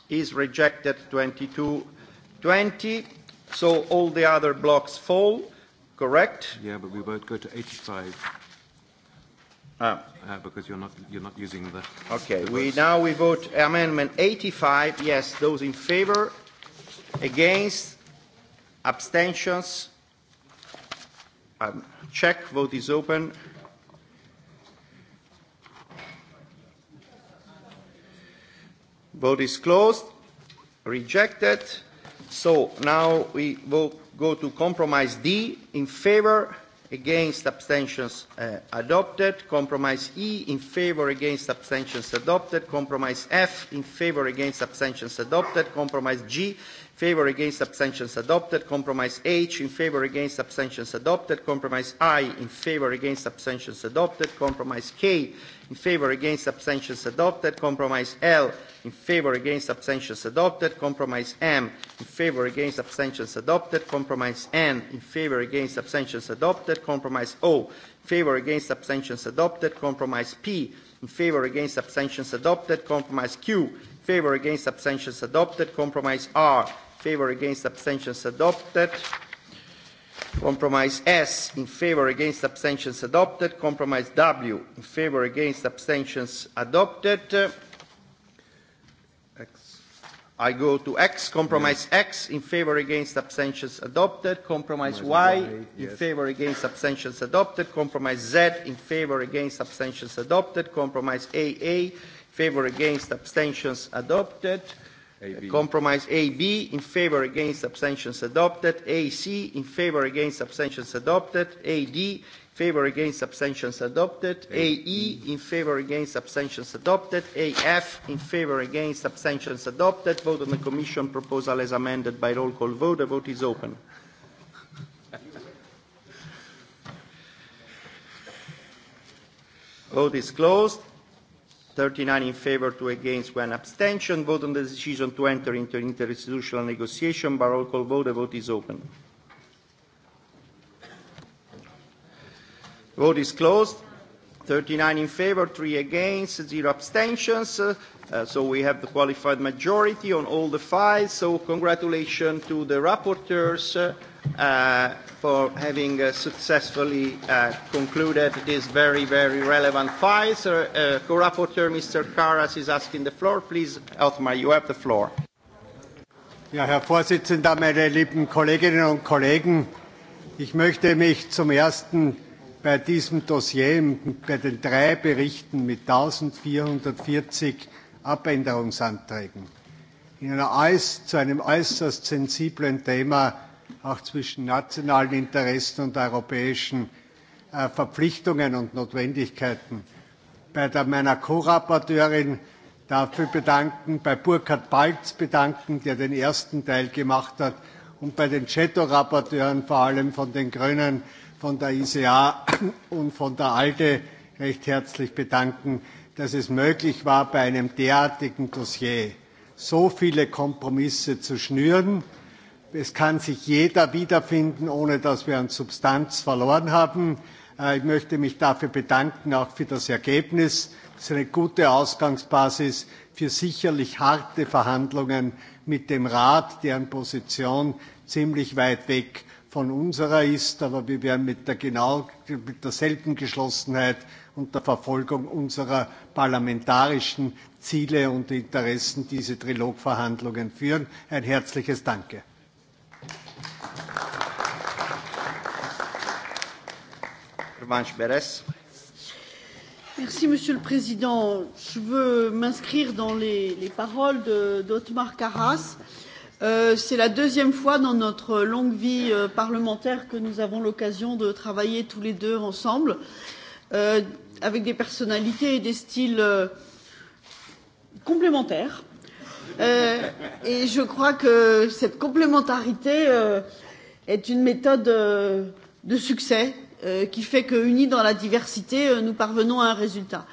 [SPEAKER 11] Is rejected 22 20, so all the other blocks fall, correct? Yeah, but we won't go to 85.
[SPEAKER 9] Ah. Uh, because you're not, you're not using the...
[SPEAKER 11] Okay, the we, votes. now we vote amendment 85. Yes, those in favor, against, abstentions. Um, check, vote is open. Vote is closed. Rejected. So now we will go to compromise D in favor, against abstentions uh, adopted. Compromise E in favor, against abstentions adopted. Compromise F in favor, against abstentions adopted. Compromise G favor against abstentions adopted compromise h in favor against abstentions adopted compromise i in favor against abstentions adopted compromise k in favor against abstentions adopted compromise l in favor against abstentions adopted compromise m in favor against abstentions adopted compromise n in favor against abstentions adopted compromise o in favor against abstentions adopted compromise p in favor against abstentions adopted compromise q in favor against abstentions adopted compromise r favor against abstentions adopted. Compromise S in favor against abstentions adopted. Compromise W in favor against abstentions adopted. X. I go to X. Compromise yes. X in favor against abstentions adopted. Compromise, Compromise y, y yes. in favor against abstentions adopted. Compromise Z in favor against abstentions adopted. Compromise AA in favor against abstentions adopted. Uh, AB. Compromise AB in favor against abstentions adopted. AC in favor against abstentions adopted. AD e, in favor against abstentions adopted. AE in favor against abstentions adopted. AF in favor against abstentions adopted. Vote on the Commission proposal as amended by roll call vote. The vote is open. Vote is closed. 39 in favor, 2 against, 1 abstention. Vote on the decision to enter into an interinstitutional negotiation by roll call vote. The vote is open. Vote is closed. 39 in favor, 3 against, 0 abstentions. Uh, so we have the qualified majority on all the files. So congratulations to the rapporteurs. Uh, uh, for having uh, successfully uh, concluded this very, very relevant file. So, uh, co-rapporteur Mr. Karas is asking the floor. Please, Othmar, you have the floor.
[SPEAKER 12] Ja, Herr Vorsitzender, meine lieben Kolleginnen und Kollegen, ich möchte mich zum ersten bei diesem Dossier, bei den drei Berichten mit 1440 Abänderungsanträgen in einer äuß, zu einem äußerst sensiblen Thema auch zwischen nationalen Interessen und europäischen äh, Verpflichtungen und Notwendigkeiten. Bei der, meiner Co-Rapporteurin dafür bedanken, bei Burkhard Balz bedanken, der den ersten Teil gemacht hat, und bei den Shadow-Rapporteuren, vor allem von den Grünen, von der ICA e und von der ALDE, recht herzlich bedanken, dass es möglich war, bei einem derartigen Dossier so viele Kompromisse zu schnüren es kann sich jeder wiederfinden, ohne dass wir an Substanz verloren haben. Äh, ich möchte mich dafür bedanken, auch für das Ergebnis. Es ist eine gute Ausgangsbasis für sicherlich harte Verhandlungen mit dem Rat, deren Position ziemlich weit weg von unserer ist. Aber wir werden mit, der genau, mit derselben Geschlossenheit und der Verfolgung unserer parlamentarischen Ziele und Interessen diese Trilogverhandlungen führen. Ein herzliches
[SPEAKER 11] Danke.
[SPEAKER 3] Merci, Monsieur le Président. Je veux m'inscrire dans les, les paroles d'Otmar Karas. Euh, C'est la deuxième fois dans notre longue vie euh, parlementaire que nous avons l'occasion de travailler tous les deux ensemble, euh, avec des personnalités et des styles euh, complémentaires. Euh, et je crois que cette complémentarité euh, est une méthode euh, de succès euh, qui fait que, unis dans la diversité, euh, nous parvenons à un résultat.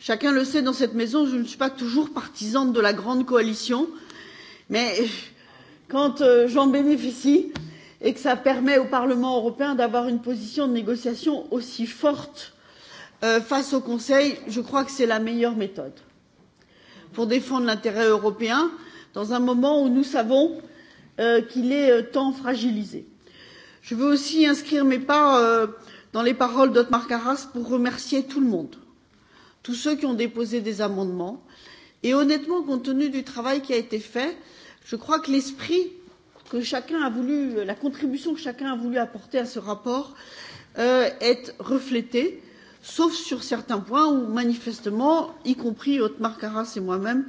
[SPEAKER 3] Chacun le sait dans cette maison, je ne suis pas toujours partisane de la grande coalition, mais quand euh, j'en bénéficie et que ça permet au Parlement européen d'avoir une position de négociation aussi forte euh, face au Conseil, je crois que c'est la meilleure méthode pour défendre l'intérêt européen dans un moment où nous savons euh, qu'il est euh, tant fragilisé je veux aussi inscrire mes pas euh, dans les paroles d'othmar karas pour remercier tout le monde tous ceux qui ont déposé des amendements et honnêtement compte tenu du travail qui a été fait je crois que l'esprit que chacun a voulu la contribution que chacun a voulu apporter à ce rapport euh, est reflétée sauf sur certains points où manifestement y compris othmar karas et moi même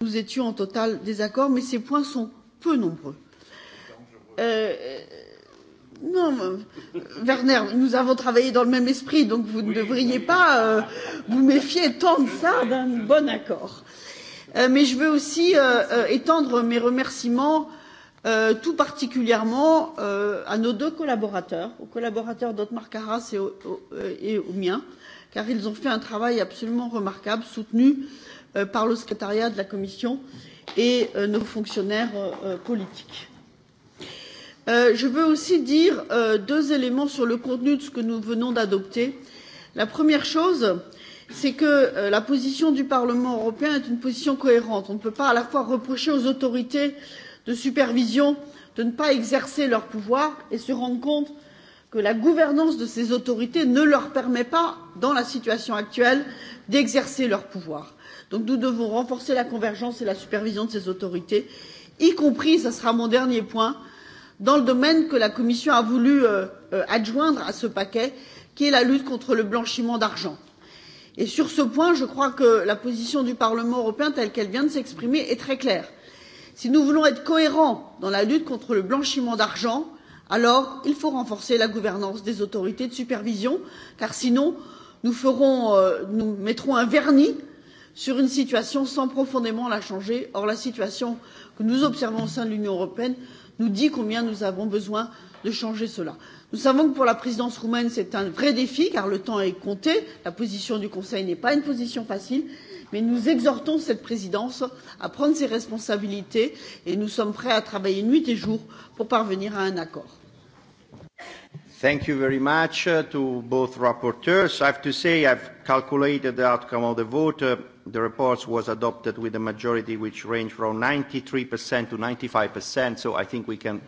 [SPEAKER 3] nous étions en total désaccord mais ces points sont peu nombreux. Euh, Non, Werner, nous avons travaillé dans le même esprit, donc vous ne devriez pas euh, vous méfier tant de ça d'un bon accord. Euh, mais je veux aussi euh, euh, étendre mes remerciements euh, tout particulièrement euh, à nos deux collaborateurs, aux collaborateurs d'Otmar Karas et, au, au, euh, et aux miens, car ils ont fait un travail absolument remarquable, soutenu euh, par le secrétariat de la Commission et euh, nos fonctionnaires euh, euh politiques Euh, je veux aussi dire euh, deux éléments sur le contenu de ce que nous venons d'adopter. La première chose, c'est que euh, la position du Parlement européen est une position cohérente. On ne peut pas à la fois reprocher aux autorités de supervision de ne pas exercer leur pouvoir et se rendre compte que la gouvernance de ces autorités ne leur permet pas, dans la situation actuelle, d'exercer leur pouvoir. Donc nous devons renforcer la convergence et la supervision de ces autorités, y compris, ce sera mon dernier point, euh, dans le domaine que la commission a voulu euh, euh, adjoindre à ce paquet qui est la lutte contre le blanchiment d'argent. Et sur ce point je crois que la position du parlement européen telle qu'elle vient de s'exprimer est très claire si nous voulons être cohérents dans la lutte contre le blanchiment d'argent alors il faut renforcer la gouvernance des autorités de supervision car sinon nous euh, mettrons un vernis sur une situation sans profondément la changer. or la situation que nous observons au sein de l'union européenne nous dit combien nous avons besoin de changer cela. nous savons que pour la présidence roumaine c'est un vrai défi car le temps est compté la position du conseil n'est pas une position facile mais nous exhortons cette présidence à prendre ses responsabilités et nous sommes prêts à travailler nuit et jour pour parvenir à un accord.
[SPEAKER 11] Thank you very much uh, to both rapporteurs. I have to say I've calculated the outcome of the vote. Uh, the report was adopted with a majority which ranged from 93% to 95%, so I think we can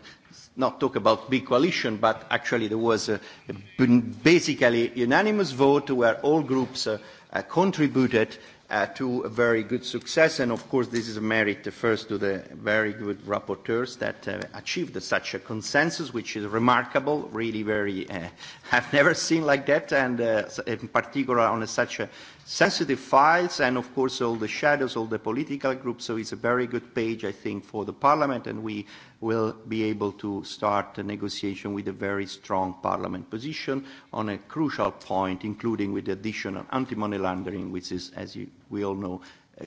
[SPEAKER 11] not talk about big coalition, but actually there was a, a basically unanimous vote where all groups uh, uh, contributed uh, uh, to a very good success. And of course, this is a merit first to the very good rapporteurs that uh, achieved such a consensus, which is remarkable, really very, uh, I've never seen like that, and uh, in particular on a, such a sensitive files and of course all the shadows, all the political groups. So it's a very good page, I think, for the Parliament and we will be able to start a negotiation with a very strong Parliament position on a crucial point, including with the addition of anti-money laundering, which is, as you, we all know,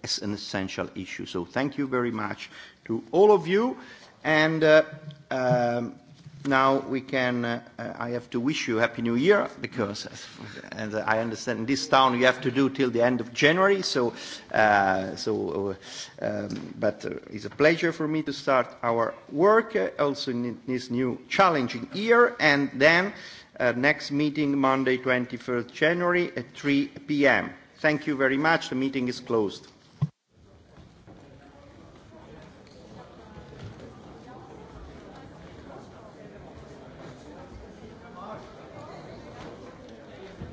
[SPEAKER 11] is an essential issue. So thank you very much to all of you. And uh, um, now we can, uh, I have to wish you a Happy New Year because, uh, and I understand in this town you have to do till the end of January, so, uh, so uh, um, but uh, it's a pleasure for me to start our work uh, also in this new challenging year and then uh, next meeting Monday 21st January at 3 p.m. Thank you very much. The meeting is closed.